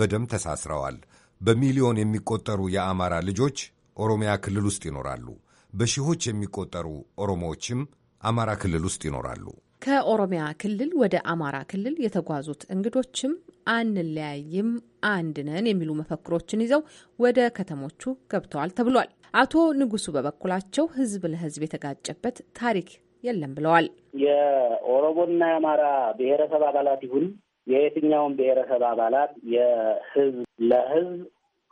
[SPEAKER 2] በደም ተሳስረዋል። በሚሊዮን የሚቆጠሩ የአማራ ልጆች ኦሮሚያ ክልል ውስጥ ይኖራሉ። በሺዎች የሚቆጠሩ ኦሮሞዎችም አማራ ክልል ውስጥ ይኖራሉ።
[SPEAKER 4] ከኦሮሚያ ክልል ወደ አማራ ክልል የተጓዙት እንግዶችም አንለያይም፣ አንድ ነን የሚሉ መፈክሮችን ይዘው ወደ ከተሞቹ ገብተዋል ተብሏል። አቶ ንጉሱ በበኩላቸው ህዝብ ለህዝብ የተጋጨበት ታሪክ የለም ብለዋል።
[SPEAKER 3] የኦሮሞና የአማራ ብሔረሰብ አባላት ይሁን የየትኛውን ብሔረሰብ አባላት የህዝብ ለህዝብ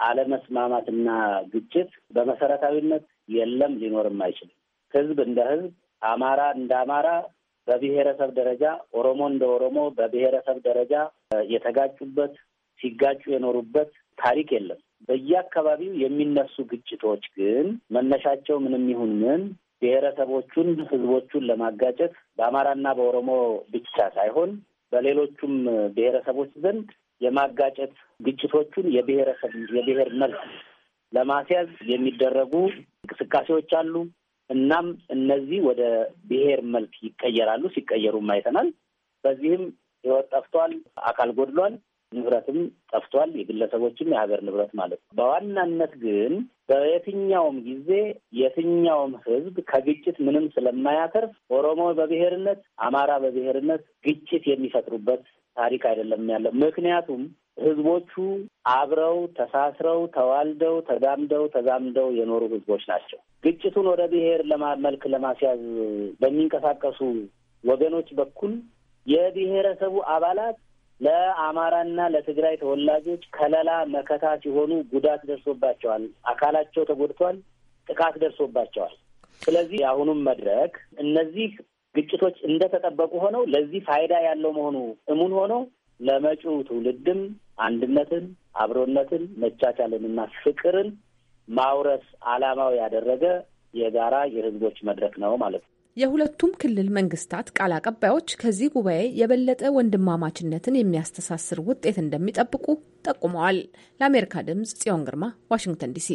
[SPEAKER 3] አለመስማማትና ግጭት በመሰረታዊነት የለም፣ ሊኖርም አይችልም። ህዝብ እንደ ህዝብ፣ አማራ እንደ አማራ በብሔረሰብ ደረጃ፣ ኦሮሞ እንደ ኦሮሞ በብሔረሰብ ደረጃ የተጋጩበት ሲጋጩ የኖሩበት ታሪክ የለም። በየአካባቢው የሚነሱ ግጭቶች ግን መነሻቸው ምንም ይሁን ምን ብሔረሰቦቹን፣ ህዝቦቹን ለማጋጨት በአማራና በኦሮሞ ብቻ ሳይሆን በሌሎቹም ብሔረሰቦች ዘንድ የማጋጨት ግጭቶቹን የብሔረሰብ የብሔር መልክ ለማስያዝ የሚደረጉ እንቅስቃሴዎች አሉ። እናም እነዚህ ወደ ብሔር መልክ ይቀየራሉ፣ ሲቀየሩም አይተናል። በዚህም ህይወት ጠፍቷል፣ አካል ጎድሏል፣ ንብረትም ጠፍቷል። የግለሰቦችም የሀገር ንብረት ማለት ነው። በዋናነት ግን በየትኛውም ጊዜ የትኛውም ህዝብ ከግጭት ምንም ስለማያተርፍ ኦሮሞ በብሔርነት፣ አማራ በብሔርነት ግጭት የሚፈጥሩበት ታሪክ አይደለም ያለው። ምክንያቱም ህዝቦቹ አብረው ተሳስረው ተዋልደው ተጋምደው ተዛምደው የኖሩ ህዝቦች ናቸው። ግጭቱን ወደ ብሔር መልክ ለማስያዝ በሚንቀሳቀሱ ወገኖች በኩል የብሔረሰቡ አባላት ለአማራና ለትግራይ ተወላጆች ከለላ መከታ ሲሆኑ ጉዳት ደርሶባቸዋል። አካላቸው ተጎድቷል። ጥቃት ደርሶባቸዋል። ስለዚህ የአሁኑም መድረክ እነዚህ ግጭቶች እንደተጠበቁ ሆነው ለዚህ ፋይዳ ያለው መሆኑ እሙን ሆኖ ለመጪው ትውልድም አንድነትን፣ አብሮነትን፣ መቻቻልንና ፍቅርን ማውረስ ዓላማው ያደረገ የጋራ የህዝቦች መድረክ ነው ማለት ነው።
[SPEAKER 4] የሁለቱም ክልል መንግስታት ቃል አቀባዮች ከዚህ ጉባኤ የበለጠ ወንድማማችነትን የሚያስተሳስር ውጤት እንደሚጠብቁ ጠቁመዋል። ለአሜሪካ ድምጽ ጽዮን ግርማ ዋሽንግተን ዲሲ።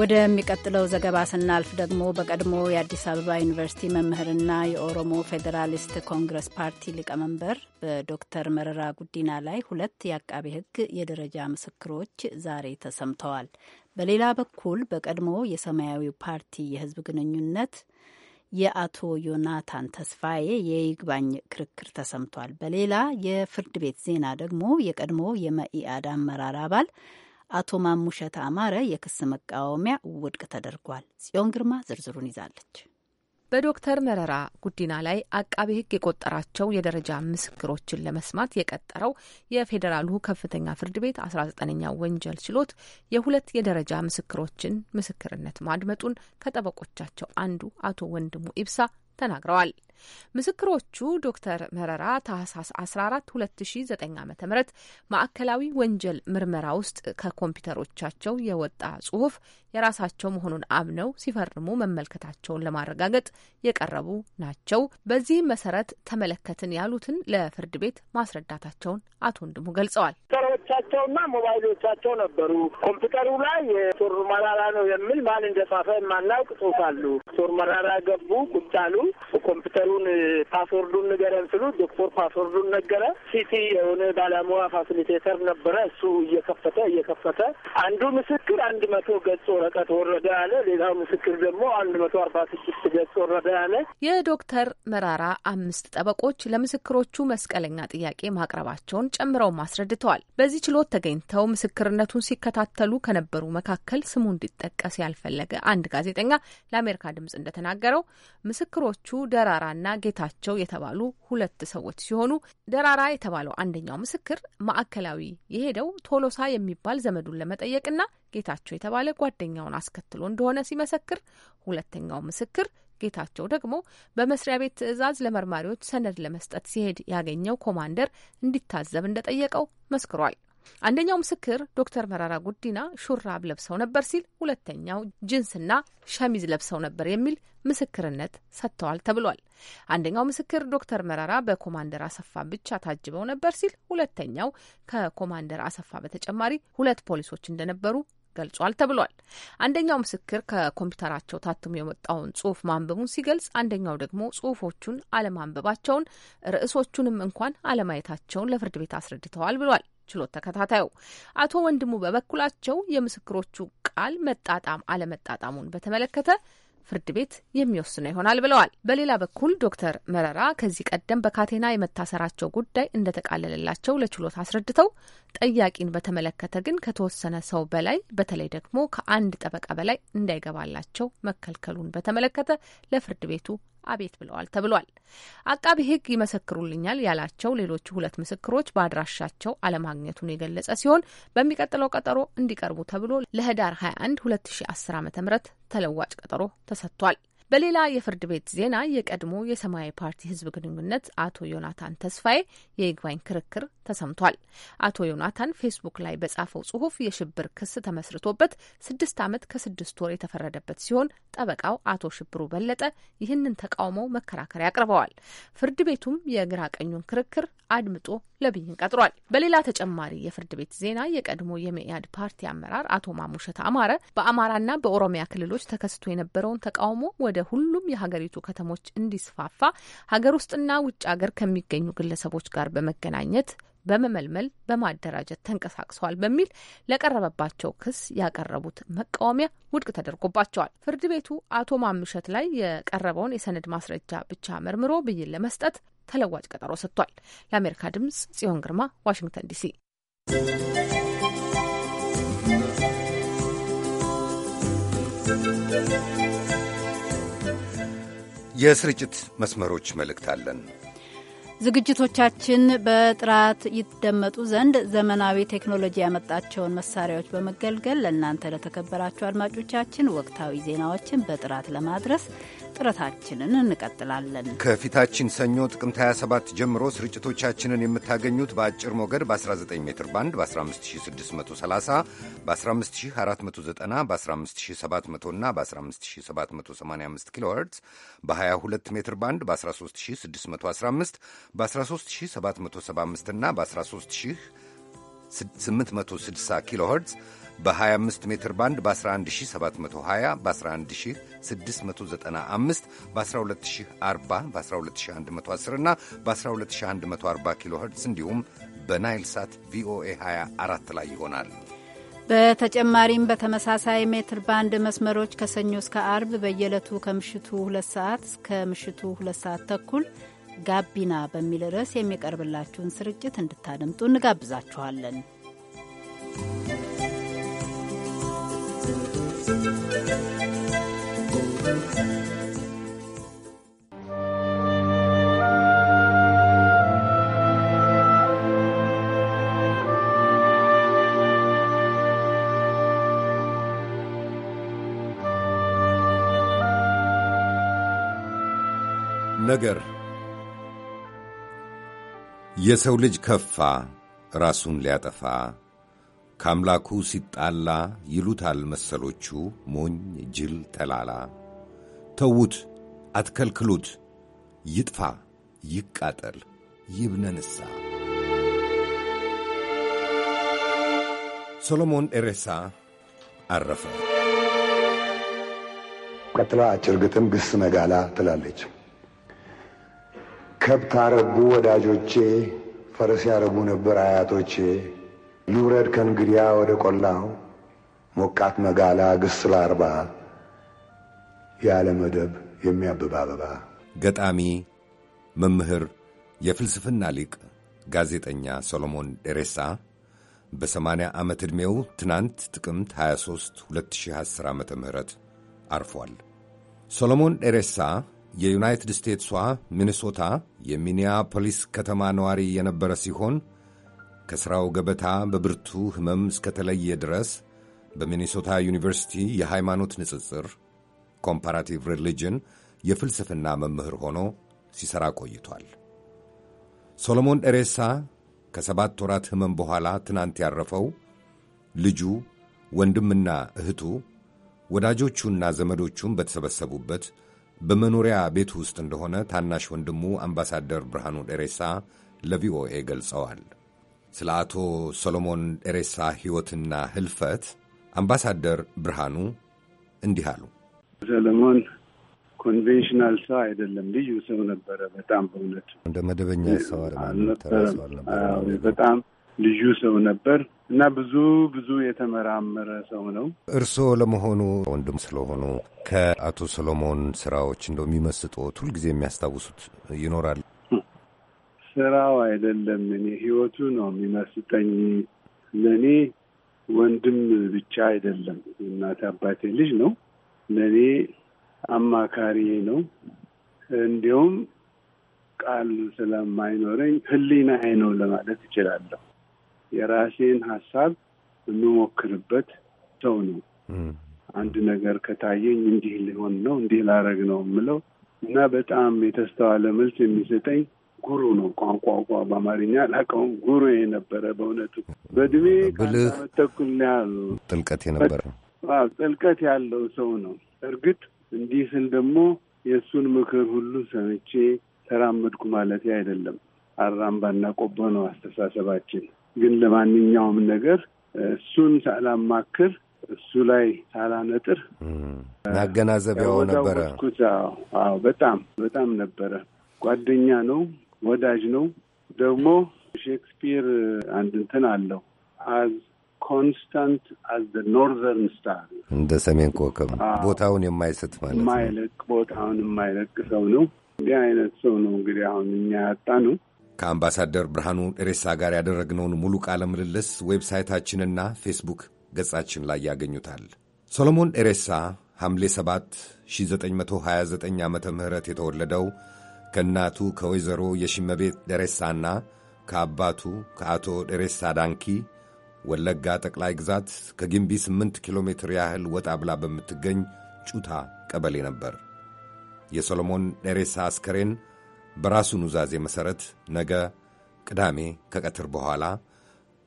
[SPEAKER 1] ወደሚቀጥለው ዘገባ ስናልፍ ደግሞ በቀድሞ የአዲስ አበባ ዩኒቨርሲቲ መምህርና የኦሮሞ ፌዴራሊስት ኮንግረስ ፓርቲ ሊቀመንበር በዶክተር መረራ ጉዲና ላይ ሁለት የአቃቤ ሕግ የደረጃ ምስክሮች ዛሬ ተሰምተዋል። በሌላ በኩል በቀድሞ የሰማያዊው ፓርቲ የህዝብ ግንኙነት የአቶ ዮናታን ተስፋዬ የይግባኝ ክርክር ተሰምቷል። በሌላ የፍርድ ቤት ዜና ደግሞ የቀድሞ የመኢአድ አመራር አባል አቶ ማሙሸት
[SPEAKER 4] አማረ የክስ መቃወሚያ ውድቅ ተደርጓል። ጽዮን ግርማ ዝርዝሩን ይዛለች። በዶክተር መረራ ጉዲና ላይ አቃቤ ሕግ የቆጠራቸው የደረጃ ምስክሮችን ለመስማት የቀጠረው የፌዴራሉ ከፍተኛ ፍርድ ቤት አስራ ዘጠነኛ ወንጀል ችሎት የሁለት የደረጃ ምስክሮችን ምስክርነት ማድመጡን ከጠበቆቻቸው አንዱ አቶ ወንድሙ ኢብሳ ተናግረዋል። ምስክሮቹ ዶክተር መረራ ታህሳስ 14 2009 ዓ ም ማዕከላዊ ወንጀል ምርመራ ውስጥ ከኮምፒውተሮቻቸው የወጣ ጽሁፍ የራሳቸው መሆኑን አምነው ሲፈርሙ መመልከታቸውን ለማረጋገጥ የቀረቡ ናቸው። በዚህም መሰረት ተመለከትን ያሉትን ለፍርድ ቤት ማስረዳታቸውን አቶ ወንድሙ ገልጸዋል።
[SPEAKER 5] ስልኮቻቸውና ሞባይሎቻቸው ነበሩ። ኮምፒውተሩ ላይ የሶር መራራ ነው የሚል ማን እንደጻፈ የማናውቅ ጽሁፍ አሉ። ሶር መራራ ገቡ፣ ቁጭ አሉ። ኮምፒውተሩን ፓስወርዱን ንገረን ስሉ ዶክተር ፓስወርዱን ነገረ። ሲቲ የሆነ ባለሙያ ፋሲሊቴተር ነበረ። እሱ እየከፈተ እየከፈተ አንዱ ምስክር አንድ መቶ ገጽ ወረቀት ወረደ አለ። ሌላው ምስክር ደግሞ አንድ መቶ አርባ ስድስት ገጽ ወረደ አለ።
[SPEAKER 4] የዶክተር መራራ አምስት ጠበቆች ለምስክሮቹ መስቀለኛ ጥያቄ ማቅረባቸውን ጨምረው አስረድተዋል። በዚህ በዚህ ችሎት ተገኝተው ምስክርነቱን ሲከታተሉ ከነበሩ መካከል ስሙ እንዲጠቀስ ያልፈለገ አንድ ጋዜጠኛ ለአሜሪካ ድምጽ እንደተናገረው ምስክሮቹ ደራራና ጌታቸው የተባሉ ሁለት ሰዎች ሲሆኑ ደራራ የተባለው አንደኛው ምስክር ማዕከላዊ የሄደው ቶሎሳ የሚባል ዘመዱን ለመጠየቅና ጌታቸው የተባለ ጓደኛውን አስከትሎ እንደሆነ ሲመሰክር፣ ሁለተኛው ምስክር ጌታቸው ደግሞ በመስሪያ ቤት ትዕዛዝ ለመርማሪዎች ሰነድ ለመስጠት ሲሄድ ያገኘው ኮማንደር እንዲታዘብ እንደጠየቀው መስክሯል። አንደኛው ምስክር ዶክተር መራራ ጉዲና ሹራብ ለብሰው ነበር ሲል፣ ሁለተኛው ጅንስና ሸሚዝ ለብሰው ነበር የሚል ምስክርነት ሰጥተዋል ተብሏል። አንደኛው ምስክር ዶክተር መራራ በኮማንደር አሰፋ ብቻ ታጅበው ነበር ሲል፣ ሁለተኛው ከኮማንደር አሰፋ በተጨማሪ ሁለት ፖሊሶች እንደነበሩ ገልጿል ተብሏል። አንደኛው ምስክር ከኮምፒውተራቸው ታትሞ የወጣውን ጽሁፍ ማንበቡን ሲገልጽ፣ አንደኛው ደግሞ ጽሁፎቹን አለማንበባቸውን ርዕሶቹንም እንኳን አለማየታቸውን ለፍርድ ቤት አስረድተዋል ብሏል። ችሎት ተከታታዩ አቶ ወንድሙ በበኩላቸው የምስክሮቹ ቃል መጣጣም አለመጣጣሙን በተመለከተ ፍርድ ቤት የሚወስነው ይሆናል ብለዋል። በሌላ በኩል ዶክተር መረራ ከዚህ ቀደም በካቴና የመታሰራቸው ጉዳይ እንደተቃለለላቸው ለችሎት አስረድተው ጠያቂን በተመለከተ ግን ከተወሰነ ሰው በላይ በተለይ ደግሞ ከአንድ ጠበቃ በላይ እንዳይገባላቸው መከልከሉን በተመለከተ ለፍርድ ቤቱ አቤት ብለዋል ተብሏል። አቃቢ ሕግ ይመሰክሩልኛል ያላቸው ሌሎቹ ሁለት ምስክሮች በአድራሻቸው አለማግኘቱን የገለጸ ሲሆን በሚቀጥለው ቀጠሮ እንዲቀርቡ ተብሎ ለህዳር 21 2010 ዓ ም ተለዋጭ ቀጠሮ ተሰጥቷል። በሌላ የፍርድ ቤት ዜና የቀድሞ የሰማያዊ ፓርቲ ህዝብ ግንኙነት አቶ ዮናታን ተስፋዬ የይግባኝ ክርክር ተሰምቷል። አቶ ዮናታን ፌስቡክ ላይ በጻፈው ጽሁፍ የሽብር ክስ ተመስርቶበት ስድስት ዓመት ከስድስት ወር የተፈረደበት ሲሆን ጠበቃው አቶ ሽብሩ በለጠ ይህንን ተቃውመው መከራከሪያ አቅርበዋል። ፍርድ ቤቱም የግራ ቀኙን ክርክር አድምጦ ለብይን ቀጥሯል። በሌላ ተጨማሪ የፍርድ ቤት ዜና የቀድሞ የመኢአድ ፓርቲ አመራር አቶ ማሙሸት አማረ በአማራና በኦሮሚያ ክልሎች ተከስቶ የነበረውን ተቃውሞ ወደ ወደ ሁሉም የሀገሪቱ ከተሞች እንዲስፋፋ ሀገር ውስጥና ውጭ ሀገር ከሚገኙ ግለሰቦች ጋር በመገናኘት በመመልመል በማደራጀት ተንቀሳቅሰዋል በሚል ለቀረበባቸው ክስ ያቀረቡት መቃወሚያ ውድቅ ተደርጎባቸዋል። ፍርድ ቤቱ አቶ ማምሸት ላይ የቀረበውን የሰነድ ማስረጃ ብቻ መርምሮ ብይን ለመስጠት ተለዋጭ ቀጠሮ ሰጥቷል። ለአሜሪካ ድምጽ ጽዮን ግርማ ዋሽንግተን ዲሲ።
[SPEAKER 13] Thank you.
[SPEAKER 2] የስርጭት መስመሮች መልእክት አለን።
[SPEAKER 1] ዝግጅቶቻችን በጥራት ይደመጡ ዘንድ ዘመናዊ ቴክኖሎጂ ያመጣቸውን መሳሪያዎች በመገልገል ለእናንተ ለተከበራችሁ አድማጮቻችን ወቅታዊ ዜናዎችን በጥራት ለማድረስ ጥረታችንን እንቀጥላለን።
[SPEAKER 2] ከፊታችን ሰኞ ጥቅምት 27 ጀምሮ ስርጭቶቻችንን የምታገኙት በአጭር ሞገድ በ19 ሜትር ባንድ በ15630 በ15490 በ15700 እና በ15785 ኪሎ በ22 ሜትር ባንድ በ13615 በ13775 እና በ13 860 ኪሎ ኸርትዝ በ25 ሜትር ባንድ በ11720 በ11695 በ12040 በ12110 እና በ12140 ኪሎ ኸርትዝ እንዲሁም በናይል ሳት ቪኦኤ 24 ላይ ይሆናል።
[SPEAKER 1] በተጨማሪም በተመሳሳይ ሜትር ባንድ መስመሮች ከሰኞ እስከ አርብ በየዕለቱ ከምሽቱ 2 ሰዓት እስከ ምሽቱ 2 ሰዓት ተኩል ጋቢና በሚል ርዕስ የሚቀርብላችሁን ስርጭት እንድታደምጡ እንጋብዛችኋለን።
[SPEAKER 2] ነገር የሰው ልጅ ከፋ ራሱን ሊያጠፋ ከአምላኩ ሲጣላ ይሉታል መሰሎቹ ሞኝ ጅል ተላላ። ተዉት አትከልክሉት ይጥፋ ይቃጠል ይብነንሳ። ሶሎሞን ኤሬሳ አረፈ። ቀጥላ አጭር ግጥም ግስ ነጋላ ትላለች። ከብት አረቡ ወዳጆቼ፣ ፈረስ ያረቡ ነበር አያቶቼ። ልውረድ ከእንግዲያ ወደ ቆላው ሞቃት መጋላ ግስላ አርባ ያለ መደብ የሚያብብ አበባ። ገጣሚ መምህር፣ የፍልስፍና ሊቅ፣ ጋዜጠኛ ሶሎሞን ደሬሳ በ80 ዓመት ዕድሜው ትናንት ጥቅምት 23 2010 ዓ ም አርፏል። ሶሎሞን ደሬሳ የዩናይትድ ስቴትሷ ሚኒሶታ የሚኒያፖሊስ ከተማ ነዋሪ የነበረ ሲሆን ከሥራው ገበታ በብርቱ ሕመም እስከተለየ ድረስ በሚኒሶታ ዩኒቨርሲቲ የሃይማኖት ንጽጽር ኮምፓራቲቭ ሪሊጅን የፍልስፍና መምህር ሆኖ ሲሠራ ቆይቷል። ሶሎሞን ኤሬሳ ከሰባት ወራት ሕመም በኋላ ትናንት ያረፈው ልጁ ወንድምና እህቱ ወዳጆቹና ዘመዶቹም በተሰበሰቡበት በመኖሪያ ቤት ውስጥ እንደሆነ ታናሽ ወንድሙ አምባሳደር ብርሃኑ ደሬሳ ለቪኦኤ ገልጸዋል። ስለ አቶ ሰሎሞን ደሬሳ ሕይወትና ህልፈት አምባሳደር ብርሃኑ እንዲህ አሉ።
[SPEAKER 13] ሰሎሞን ኮንቬንሽናል ሰው አይደለም፣ ልዩ ሰው ነበረ። በጣም በእውነት
[SPEAKER 2] እንደ መደበኛ ሰው
[SPEAKER 13] በጣም ልዩ ሰው ነበር እና ብዙ ብዙ የተመራመረ ሰው ነው።
[SPEAKER 2] እርስዎ ለመሆኑ ወንድም ስለሆኑ ከአቶ ሰሎሞን ስራዎች እንደሚመስጡት ሁልጊዜ የሚያስታውሱት ይኖራል?
[SPEAKER 13] ስራው አይደለም እኔ ህይወቱ ነው የሚመስጠኝ። ለእኔ ወንድም ብቻ አይደለም፣ እናት አባቴ ልጅ ነው። ለእኔ አማካሪ ነው። እንዲሁም ቃል ስለማይኖረኝ ህሊናዬ ነው ለማለት እችላለሁ። የራሴን ሀሳብ የምሞክርበት ሰው ነው። አንድ ነገር ከታየኝ እንዲህ ሊሆን ነው እንዲህ ላረግ ነው የምለው እና በጣም የተስተዋለ መልስ የሚሰጠኝ ጉሩ ነው። ቋንቋ በአማርኛ ላቀውም ጉሩ የነበረ በእውነቱ በእድሜ ብልህ ተኩል ያሉ
[SPEAKER 2] ጥልቀት የነበረ
[SPEAKER 13] ጥልቀት ያለው ሰው ነው። እርግጥ እንዲህ ስል ደግሞ የእሱን ምክር ሁሉ ሰምቼ ተራመድኩ ማለት አይደለም። አራምባና ቆቦ ነው አስተሳሰባችን። ግን ለማንኛውም ነገር እሱን ሳላማክር እሱ ላይ ሳላነጥር
[SPEAKER 2] ማገናዘቢያው ነበረ።
[SPEAKER 13] አዎ በጣም በጣም ነበረ። ጓደኛ ነው፣ ወዳጅ ነው። ደግሞ ሼክስፒር አንድ እንትን አለው አዝ ኮንስታንት አዝ ደ ኖርዘርን ስታር
[SPEAKER 2] እንደ ሰሜን ኮከብ ቦታውን የማይስት ማለት ነው። የማይለቅ
[SPEAKER 13] ቦታውን የማይለቅ ሰው ነው። እንዲህ አይነት ሰው ነው እንግዲህ አሁን እኛ ያጣ ነው።
[SPEAKER 2] ከአምባሳደር ብርሃኑ ሬሳ ጋር ያደረግነውን ሙሉ ቃለ ምልልስ ዌብሳይታችንና ፌስቡክ ገጻችን ላይ ያገኙታል። ሶሎሞን ኤሬሳ ሐምሌ 7 1929 ዓ ም የተወለደው ከእናቱ ከወይዘሮ የሽመቤት ደሬሳና ከአባቱ ከአቶ ደሬሳ ዳንኪ ወለጋ ጠቅላይ ግዛት ከግንቢ 8 ኪሎ ሜትር ያህል ወጣ ብላ በምትገኝ ጩታ ቀበሌ ነበር። የሶሎሞን ደሬሳ አስከሬን በራሱ ኑዛዜ መሠረት ነገ ቅዳሜ ከቀትር በኋላ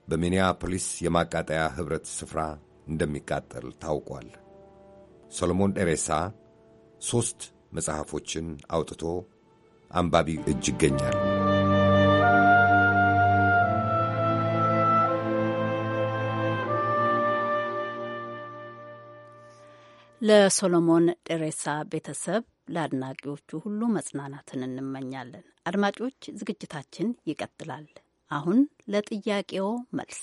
[SPEAKER 2] በሚኒያፖሊስ የማቃጠያ ኅብረት ስፍራ እንደሚቃጠል ታውቋል። ሰሎሞን ደሬሳ ሦስት መጽሐፎችን አውጥቶ አንባቢ እጅ ይገኛል።
[SPEAKER 1] ለሶሎሞን ደሬሳ ቤተሰብ ለአድናቂዎቹ ሁሉ መጽናናትን እንመኛለን። አድማጮች፣ ዝግጅታችን ይቀጥላል። አሁን ለጥያቄው መልስ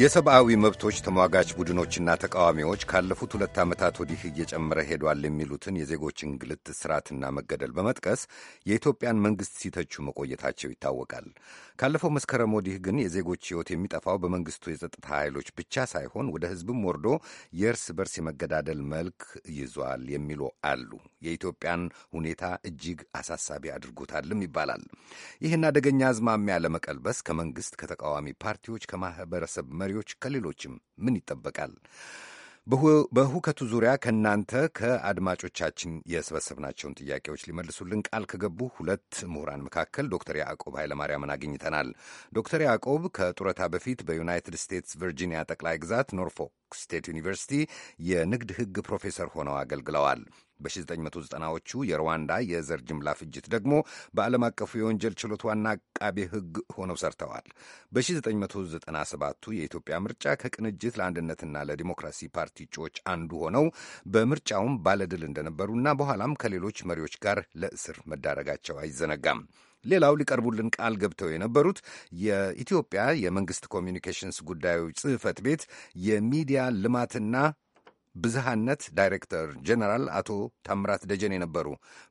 [SPEAKER 2] የሰብአዊ መብቶች ተሟጋች ቡድኖችና ተቃዋሚዎች ካለፉት ሁለት ዓመታት ወዲህ እየጨመረ ሄዷል የሚሉትን የዜጎች እንግልት፣ ስርዓትና መገደል በመጥቀስ የኢትዮጵያን መንግሥት ሲተቹ መቆየታቸው ይታወቃል። ካለፈው መስከረም ወዲህ ግን የዜጎች ሕይወት የሚጠፋው በመንግሥቱ የጸጥታ ኃይሎች ብቻ ሳይሆን ወደ ሕዝብም ወርዶ የእርስ በርስ የመገዳደል መልክ ይዟል የሚሉ አሉ። የኢትዮጵያን ሁኔታ እጅግ አሳሳቢ አድርጎታልም ይባላል። ይህን አደገኛ አዝማሚያ ለመቀልበስ ከመንግሥት ከተቃዋሚ ፓርቲዎች፣ ከማኅበረሰብ መሪ መሪዎች ከሌሎችም ምን ይጠበቃል? በሁከቱ ዙሪያ ከእናንተ ከአድማጮቻችን የሰበሰብናቸውን ጥያቄዎች ሊመልሱልን ቃል ከገቡ ሁለት ምሁራን መካከል ዶክተር ያዕቆብ ኃይለማርያምን አግኝተናል። ዶክተር ያዕቆብ ከጡረታ በፊት በዩናይትድ ስቴትስ ቨርጂኒያ ጠቅላይ ግዛት ኖርፎክ ስቴት ዩኒቨርሲቲ የንግድ ሕግ ፕሮፌሰር ሆነው አገልግለዋል። በ1990ዎቹ የሩዋንዳ የዘር ጅምላ ፍጅት ደግሞ በዓለም አቀፉ የወንጀል ችሎት ዋና አቃቤ ሕግ ሆነው ሰርተዋል። በ1997ቱ የኢትዮጵያ ምርጫ ከቅንጅት ለአንድነትና ለዲሞክራሲ ፓርቲ እጩዎች አንዱ ሆነው በምርጫውም ባለድል እንደነበሩና በኋላም ከሌሎች መሪዎች ጋር ለእስር መዳረጋቸው አይዘነጋም። ሌላው ሊቀርቡልን ቃል ገብተው የነበሩት የኢትዮጵያ የመንግስት ኮሚኒኬሽንስ ጉዳዮች ጽህፈት ቤት የሚዲያ ልማትና ብዝሃነት ዳይሬክተር ጀነራል አቶ ታምራት ደጀኔ ነበሩ።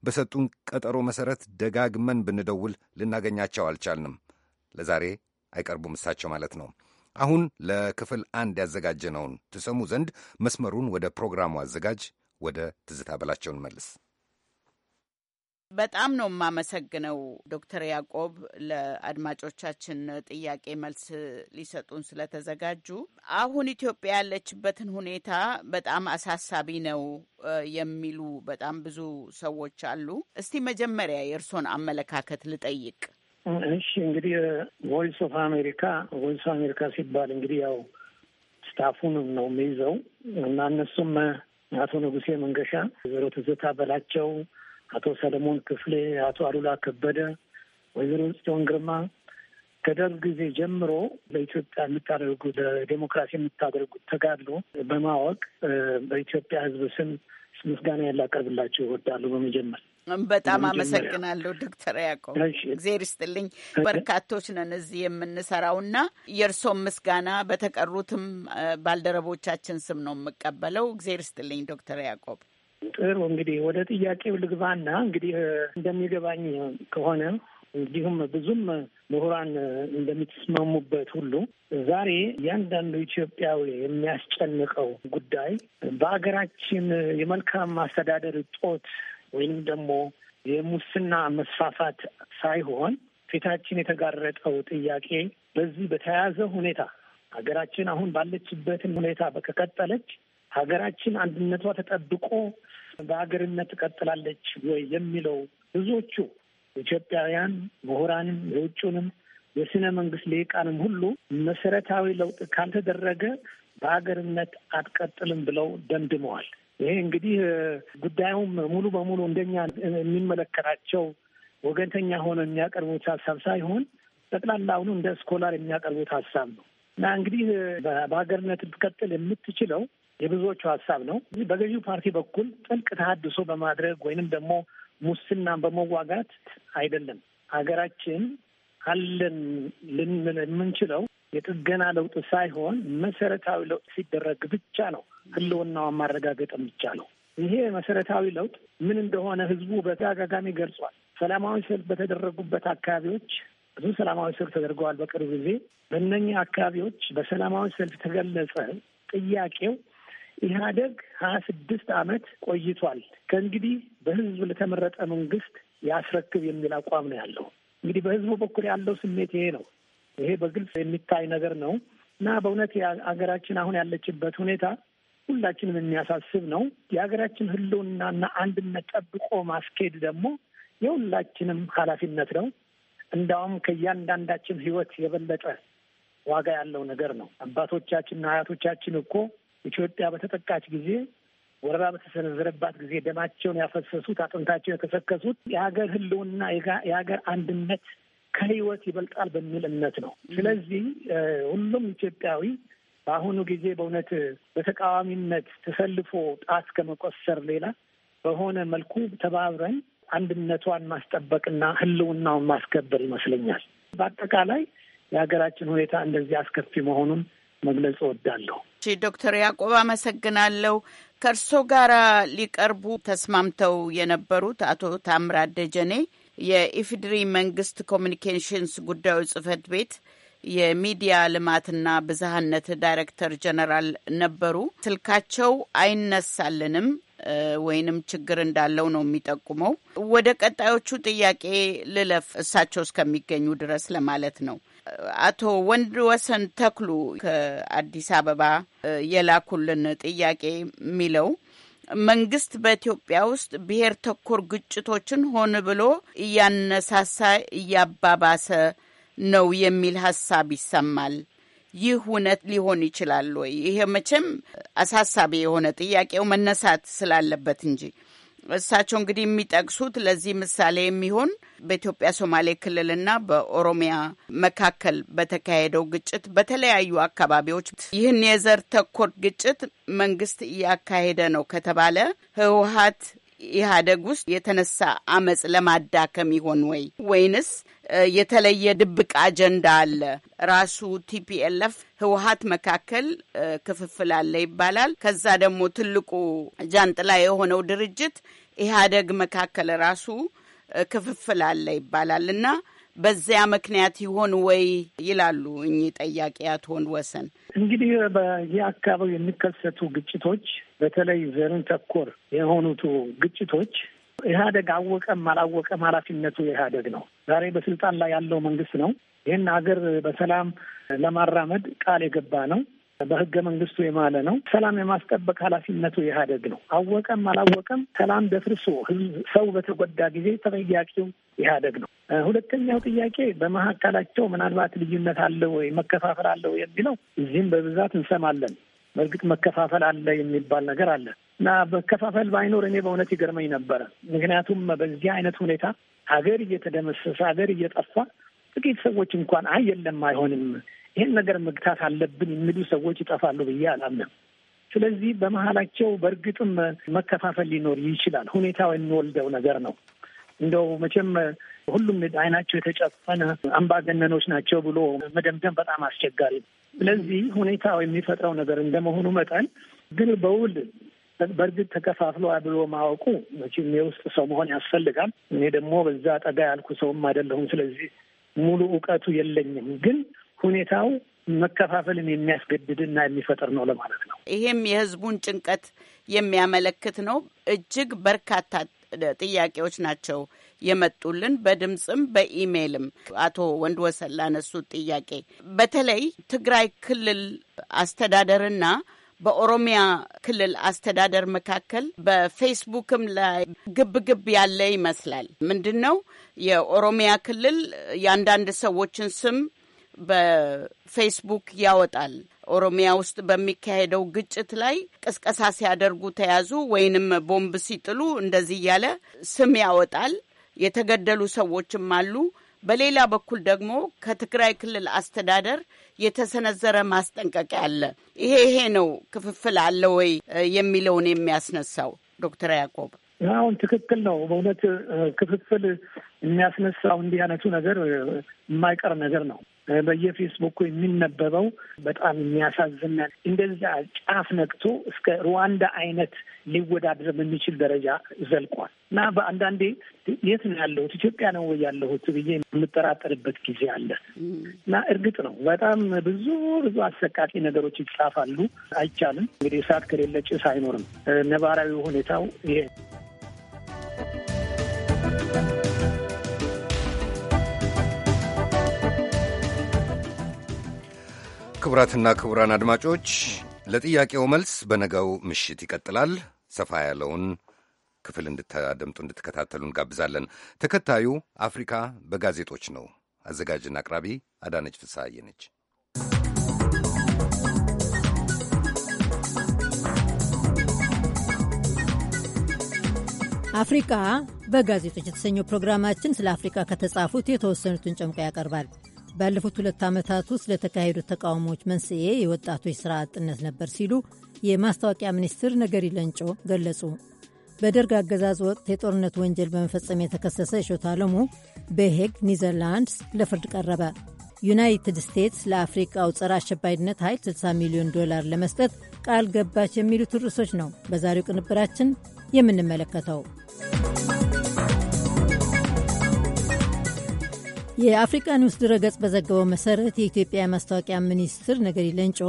[SPEAKER 2] በሰጡን ቀጠሮ መሠረት ደጋግመን ብንደውል ልናገኛቸው አልቻልንም። ለዛሬ አይቀርቡም እሳቸው ማለት ነው። አሁን ለክፍል አንድ ያዘጋጀነውን ትሰሙ ዘንድ መስመሩን ወደ ፕሮግራሙ አዘጋጅ ወደ ትዝታ በላቸውን
[SPEAKER 14] መልስ በጣም ነው የማመሰግነው ዶክተር ያዕቆብ ለአድማጮቻችን ጥያቄ መልስ ሊሰጡን ስለተዘጋጁ። አሁን ኢትዮጵያ ያለችበትን ሁኔታ በጣም አሳሳቢ ነው የሚሉ በጣም ብዙ ሰዎች አሉ። እስቲ መጀመሪያ የእርሶን አመለካከት ልጠይቅ።
[SPEAKER 9] እሺ እንግዲህ ቮይስ ኦፍ አሜሪካ ቮይስ ኦፍ አሜሪካ ሲባል እንግዲህ ያው ስታፉን ነው የሚይዘው እና እነሱም አቶ ንጉሴ መንገሻ፣ ወይዘሮ ትዝታ በላቸው አቶ ሰለሞን ክፍሌ፣ አቶ አሉላ ከበደ፣ ወይዘሮ ጽዮን ግርማ ከደርግ ጊዜ ጀምሮ ለኢትዮጵያ የምታደርጉት ለዴሞክራሲ የምታደርጉት ተጋድሎ በማወቅ በኢትዮጵያ ሕዝብ ስም ምስጋና ያላቀርብላቸው ይወዳሉ። በመጀመር
[SPEAKER 14] በጣም አመሰግናለሁ ዶክተር ያዕቆብ እግዜር ይስጥልኝ። በርካቶች ነን እዚህ የምንሰራውና የእርሶም ምስጋና በተቀሩትም ባልደረቦቻችን ስም ነው የምቀበለው። እግዜር ይስጥልኝ ዶክተር ያቆብ።
[SPEAKER 9] ጥሩ እንግዲህ ወደ ጥያቄው ልግባና እንግዲህ እንደሚገባኝ ከሆነ እንዲሁም ብዙም ምሁራን እንደሚስማሙበት ሁሉ ዛሬ እያንዳንዱ ኢትዮጵያዊ የሚያስጨንቀው ጉዳይ በሀገራችን የመልካም አስተዳደር እጦት ወይም ደግሞ የሙስና መስፋፋት ሳይሆን ፊታችን የተጋረጠው ጥያቄ በዚህ በተያያዘ ሁኔታ ሀገራችን አሁን ባለችበትን ሁኔታ በቀጠለች ሀገራችን አንድነቷ ተጠብቆ በሀገርነት ትቀጥላለች ወይ የሚለው ብዙዎቹ ኢትዮጵያውያን ምሁራንም፣ የውጭውንም የስነ መንግስት ሊቃንም ሁሉ መሰረታዊ ለውጥ ካልተደረገ በሀገርነት አትቀጥልም ብለው ደምድመዋል። ይሄ እንግዲህ ጉዳዩም ሙሉ በሙሉ እንደኛ የሚመለከታቸው ወገንተኛ ሆነ የሚያቀርቡት ሀሳብ ሳይሆን ጠቅላላውኑ እንደ ስኮላር የሚያቀርቡት ሀሳብ ነው እና እንግዲህ በሀገርነት ልትቀጥል የምትችለው የብዙዎቹ ሀሳብ ነው። በገዢው ፓርቲ በኩል ጥልቅ ተሀድሶ በማድረግ ወይንም ደግሞ ሙስናን በመዋጋት አይደለም። ሀገራችን አለን ልንል የምንችለው የጥገና ለውጥ ሳይሆን መሰረታዊ ለውጥ ሲደረግ ብቻ ነው ህልውናዋን ማረጋገጥ የሚቻለው። ይሄ መሰረታዊ ለውጥ ምን እንደሆነ ህዝቡ በተደጋጋሚ ገልጿል። ሰላማዊ ሰልፍ በተደረጉበት አካባቢዎች ብዙ ሰላማዊ ሰልፍ ተደርገዋል። በቅርብ ጊዜ በእነኛ አካባቢዎች በሰላማዊ ሰልፍ ተገለጸ ጥያቄው ኢህአደግ ሀያ ስድስት አመት ቆይቷል። ከእንግዲህ በህዝብ ለተመረጠ መንግስት ያስረክብ የሚል አቋም ነው ያለው። እንግዲህ በህዝቡ በኩል ያለው ስሜት ይሄ ነው። ይሄ በግልጽ የሚታይ ነገር ነው እና በእውነት ሀገራችን አሁን ያለችበት ሁኔታ ሁላችንም የሚያሳስብ ነው። የሀገራችን ህልውናና አንድነት ጠብቆ ማስኬድ ደግሞ የሁላችንም ኃላፊነት ነው። እንዳውም ከእያንዳንዳችን ህይወት የበለጠ ዋጋ ያለው ነገር ነው። አባቶቻችንና አያቶቻችን እኮ ኢትዮጵያ በተጠቃች ጊዜ ወረራ በተሰነዘረባት ጊዜ ደማቸውን ያፈሰሱት አጥንታቸው የከሰከሱት የሀገር ህልውና የሀገር አንድነት ከህይወት ይበልጣል በሚል እምነት ነው። ስለዚህ ሁሉም ኢትዮጵያዊ በአሁኑ ጊዜ በእውነት በተቃዋሚነት ተሰልፎ ጣት ከመቆሰር ሌላ በሆነ መልኩ ተባብረን አንድነቷን ማስጠበቅና ህልውናውን ማስከበር ይመስለኛል። በአጠቃላይ የሀገራችን ሁኔታ እንደዚህ አስከፊ መሆኑን መግለጽ እወዳለሁ።
[SPEAKER 14] ዶክተር ያዕቆብ አመሰግናለሁ። ከእርሶ ጋር ሊቀርቡ ተስማምተው የነበሩት አቶ ታምራት ደጀኔ የኢፍድሪ መንግስት ኮሚኒኬሽንስ ጉዳዩ ጽህፈት ቤት የሚዲያ ልማትና ብዝሃነት ዳይሬክተር ጀነራል ነበሩ። ስልካቸው አይነሳልንም ወይንም ችግር እንዳለው ነው የሚጠቁመው። ወደ ቀጣዮቹ ጥያቄ ልለፍ፣ እሳቸው እስከሚገኙ ድረስ ለማለት ነው። አቶ ወንድ ወሰን ተክሉ ከአዲስ አበባ የላኩልን ጥያቄ የሚለው መንግስት በኢትዮጵያ ውስጥ ብሔር ተኮር ግጭቶችን ሆን ብሎ እያነሳሳ እያባባሰ ነው የሚል ሀሳብ ይሰማል። ይህ እውነት ሊሆን ይችላል ወይ? ይሄ መቼም አሳሳቢ የሆነ ጥያቄው መነሳት ስላለበት እንጂ እሳቸው እንግዲህ የሚጠቅሱት ለዚህ ምሳሌ የሚሆን በኢትዮጵያ ሶማሌ ክልልና በኦሮሚያ መካከል በተካሄደው ግጭት በተለያዩ አካባቢዎች ይህን የዘር ተኮር ግጭት መንግስት እያካሄደ ነው ከተባለ ህወሀት ኢህአደግ ውስጥ የተነሳ አመጽ ለማዳከም ይሆን ወይ ወይንስ የተለየ ድብቅ አጀንዳ አለ። ራሱ ቲፒኤልኤፍ ህወሀት መካከል ክፍፍል አለ ይባላል። ከዛ ደግሞ ትልቁ ጃንጥላ የሆነው ድርጅት ኢህአደግ መካከል ራሱ ክፍፍል አለ ይባላል እና በዚያ ምክንያት ይሆን ወይ ይላሉ እኚህ ጠያቂ አትሆን ወሰን።
[SPEAKER 9] እንግዲህ አካባቢ የሚከሰቱ ግጭቶች በተለይ ዘርን ተኮር የሆኑቱ ግጭቶች ኢህአደግ አወቀም አላወቀም ኃላፊነቱ የኢህአደግ ነው። ዛሬ በስልጣን ላይ ያለው መንግስት ነው። ይህን ሀገር በሰላም ለማራመድ ቃል የገባ ነው። በህገ መንግስቱ የማለ ነው። ሰላም የማስጠበቅ ኃላፊነቱ ኢህአደግ ነው። አወቀም አላወቀም ሰላም ደፍርሶ ሰው በተጎዳ ጊዜ ተጠያቂው ኢህአደግ ነው። ሁለተኛው ጥያቄ በመካከላቸው ምናልባት ልዩነት አለ ወይ መከፋፈል አለው የሚለው እዚህም በብዛት እንሰማለን። በእርግጥ መከፋፈል አለ የሚባል ነገር አለ። እና መከፋፈል ባይኖር እኔ በእውነት ይገርመኝ ነበረ። ምክንያቱም በዚህ አይነት ሁኔታ ሀገር እየተደመሰሰ ሀገር እየጠፋ ጥቂት ሰዎች እንኳን አይ የለም አይሆንም፣ ይህን ነገር መግታት አለብን የሚሉ ሰዎች ይጠፋሉ ብዬ አላምንም። ስለዚህ በመሀላቸው በእርግጥም መከፋፈል ሊኖር ይችላል። ሁኔታው የሚወልደው ነገር ነው። እንደው መቼም ሁሉም አይናቸው የተጨፈነ አምባገነኖች ናቸው ብሎ መደምደም በጣም አስቸጋሪ ነው። ስለዚህ ሁኔታው የሚፈጥረው ነገር እንደመሆኑ መጠን ግን በውል በእርግጥ ተከፋፍሎ ብሎ ማወቁ መቼም የውስጥ ሰው መሆን ያስፈልጋል። እኔ ደግሞ በዛ ጠጋ ያልኩ ሰውም አይደለሁም። ስለዚህ ሙሉ እውቀቱ የለኝም። ግን ሁኔታው መከፋፈልን የሚያስገድድና የሚፈጥር ነው
[SPEAKER 14] ለማለት ነው። ይሄም የህዝቡን ጭንቀት የሚያመለክት ነው። እጅግ በርካታ ጥያቄዎች ናቸው የመጡልን በድምፅም በኢሜይልም። አቶ ወንድ ወሰን ላነሱት ጥያቄ በተለይ ትግራይ ክልል አስተዳደርና በኦሮሚያ ክልል አስተዳደር መካከል በፌስቡክም ላይ ግብግብ ያለ ይመስላል። ምንድን ነው የኦሮሚያ ክልል የአንዳንድ ሰዎችን ስም በፌስቡክ ያወጣል። ኦሮሚያ ውስጥ በሚካሄደው ግጭት ላይ ቅስቀሳ ሲያደርጉ ተያዙ ወይንም ቦምብ ሲጥሉ እንደዚህ እያለ ስም ያወጣል። የተገደሉ ሰዎችም አሉ። በሌላ በኩል ደግሞ ከትግራይ ክልል አስተዳደር የተሰነዘረ ማስጠንቀቂያ አለ። ይሄ ይሄ ነው ክፍፍል አለ ወይ የሚለውን የሚያስነሳው ዶክተር ያዕቆብ
[SPEAKER 9] አሁን ትክክል ነው። በእውነት ክፍፍል የሚያስነሳው እንዲህ አይነቱ ነገር የማይቀር ነገር ነው። በየፌስቡኩ የሚነበበው በጣም የሚያሳዝን እንደዚያ ጫፍ ነቅቶ እስከ ሩዋንዳ አይነት ሊወዳደር በሚችል ደረጃ ዘልቋል እና በአንዳንዴ የት ነው ያለሁት ኢትዮጵያ ነው ወይ ያለሁት ብዬ የምጠራጠርበት ጊዜ አለ እና እርግጥ ነው በጣም ብዙ ብዙ አሰቃቂ ነገሮች ይጻፋሉ። አይቻልም እንግዲህ እሳት ከሌለ ጭስ አይኖርም። ነባራዊ ሁኔታው ይሄ
[SPEAKER 2] ክቡራትና ክቡራን አድማጮች ለጥያቄው መልስ በነገው ምሽት ይቀጥላል። ሰፋ ያለውን ክፍል እንድታደምጡ እንድትከታተሉ እንጋብዛለን። ተከታዩ አፍሪካ በጋዜጦች ነው። አዘጋጅና አቅራቢ አዳነች ፍስሐዬ ነች።
[SPEAKER 15] አፍሪካ በጋዜጦች የተሰኘው ፕሮግራማችን ስለ አፍሪካ ከተጻፉት የተወሰኑትን ጨምቆ ያቀርባል። ባለፉት ሁለት ዓመታት ውስጥ ለተካሄዱት ተቃውሞዎች መንስኤ የወጣቶች ሥራ አጥነት ነበር ሲሉ የማስታወቂያ ሚኒስትር ነገሪ ለንጮ ገለጹ። በደርግ አገዛዝ ወቅት የጦርነት ወንጀል በመፈጸም የተከሰሰ እሸቱ አለሙ በሄግ ኒዘርላንድስ ለፍርድ ቀረበ። ዩናይትድ ስቴትስ ለአፍሪቃው ጸረ አሸባሪነት ኃይል 60 ሚሊዮን ዶላር ለመስጠት ቃል ገባች የሚሉት ርዕሶች ነው በዛሬው ቅንብራችን የምንመለከተው። የአፍሪካ ኒውስ ድረገጽ በዘገበው መሰረት የኢትዮጵያ የማስታወቂያ ሚኒስትር ነገሪ ለንጮ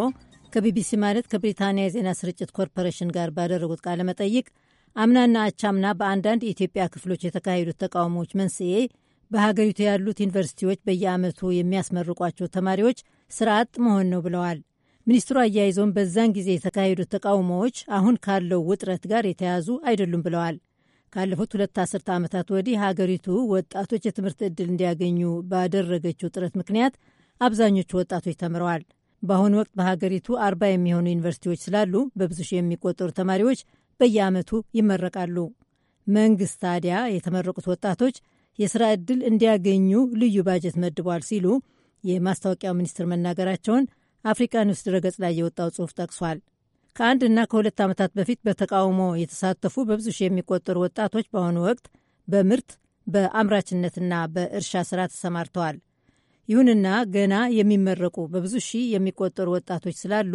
[SPEAKER 15] ከቢቢሲ ማለት ከብሪታንያ የዜና ስርጭት ኮርፖሬሽን ጋር ባደረጉት ቃለ መጠይቅ አምናና አቻምና በአንዳንድ የኢትዮጵያ ክፍሎች የተካሄዱት ተቃውሞዎች መንስኤ በሀገሪቱ ያሉት ዩኒቨርሲቲዎች በየዓመቱ የሚያስመርቋቸው ተማሪዎች ስራ አጥ መሆን ነው ብለዋል። ሚኒስትሩ አያይዘውም በዛን ጊዜ የተካሄዱት ተቃውሞዎች አሁን ካለው ውጥረት ጋር የተያዙ አይደሉም ብለዋል። ካለፉት ሁለት አስርተ ዓመታት ወዲህ ሀገሪቱ ወጣቶች የትምህርት ዕድል እንዲያገኙ ባደረገችው ጥረት ምክንያት አብዛኞቹ ወጣቶች ተምረዋል። በአሁኑ ወቅት በሀገሪቱ አርባ የሚሆኑ ዩኒቨርሲቲዎች ስላሉ በብዙ ሺህ የሚቆጠሩ ተማሪዎች በየዓመቱ ይመረቃሉ። መንግስት ታዲያ የተመረቁት ወጣቶች የሥራ ዕድል እንዲያገኙ ልዩ ባጀት መድቧል ሲሉ የማስታወቂያው ሚኒስትር መናገራቸውን አፍሪካ ኒውስ ድረገጽ ላይ የወጣው ጽሑፍ ጠቅሷል። ከአንድና ከሁለት ዓመታት በፊት በተቃውሞ የተሳተፉ በብዙ ሺህ የሚቆጠሩ ወጣቶች በአሁኑ ወቅት በምርት በአምራችነትና በእርሻ ስራ ተሰማርተዋል። ይሁንና ገና የሚመረቁ በብዙ ሺህ የሚቆጠሩ ወጣቶች ስላሉ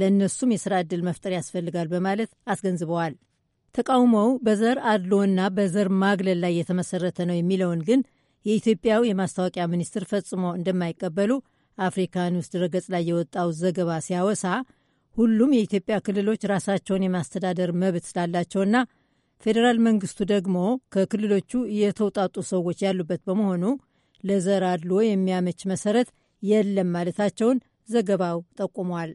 [SPEAKER 15] ለእነሱም የሥራ ዕድል መፍጠር ያስፈልጋል በማለት አስገንዝበዋል። ተቃውሞው በዘር አድሎና በዘር ማግለል ላይ የተመሰረተ ነው የሚለውን ግን የኢትዮጵያው የማስታወቂያ ሚኒስትር ፈጽሞ እንደማይቀበሉ አፍሪካ ኒውስ ድረገጽ ላይ የወጣው ዘገባ ሲያወሳ ሁሉም የኢትዮጵያ ክልሎች ራሳቸውን የማስተዳደር መብት ስላላቸውና ፌዴራል መንግስቱ ደግሞ ከክልሎቹ የተውጣጡ ሰዎች ያሉበት በመሆኑ ለዘር አድሎ የሚያመች መሰረት የለም ማለታቸውን ዘገባው ጠቁሟል።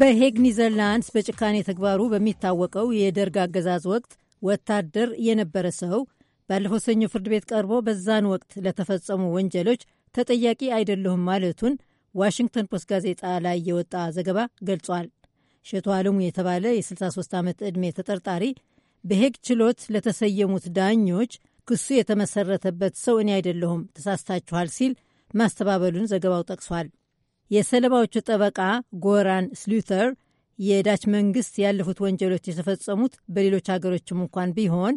[SPEAKER 15] በሄግ ኒዘርላንድስ በጭካኔ ተግባሩ በሚታወቀው የደርግ አገዛዝ ወቅት ወታደር የነበረ ሰው ባለፈው ሰኞ ፍርድ ቤት ቀርቦ በዛን ወቅት ለተፈጸሙ ወንጀሎች ተጠያቂ አይደለሁም ማለቱን ዋሽንግተን ፖስት ጋዜጣ ላይ የወጣ ዘገባ ገልጿል። እሸቱ አለሙ የተባለ የ63 ዓመት ዕድሜ ተጠርጣሪ በሄግ ችሎት ለተሰየሙት ዳኞች ክሱ የተመሰረተበት ሰው እኔ አይደለሁም ተሳስታችኋል ሲል ማስተባበሉን ዘገባው ጠቅሷል። የሰለባዎቹ ጠበቃ ጎራን ስሉተር የዳች መንግስት ያለፉት ወንጀሎች የተፈጸሙት በሌሎች ሀገሮችም እንኳን ቢሆን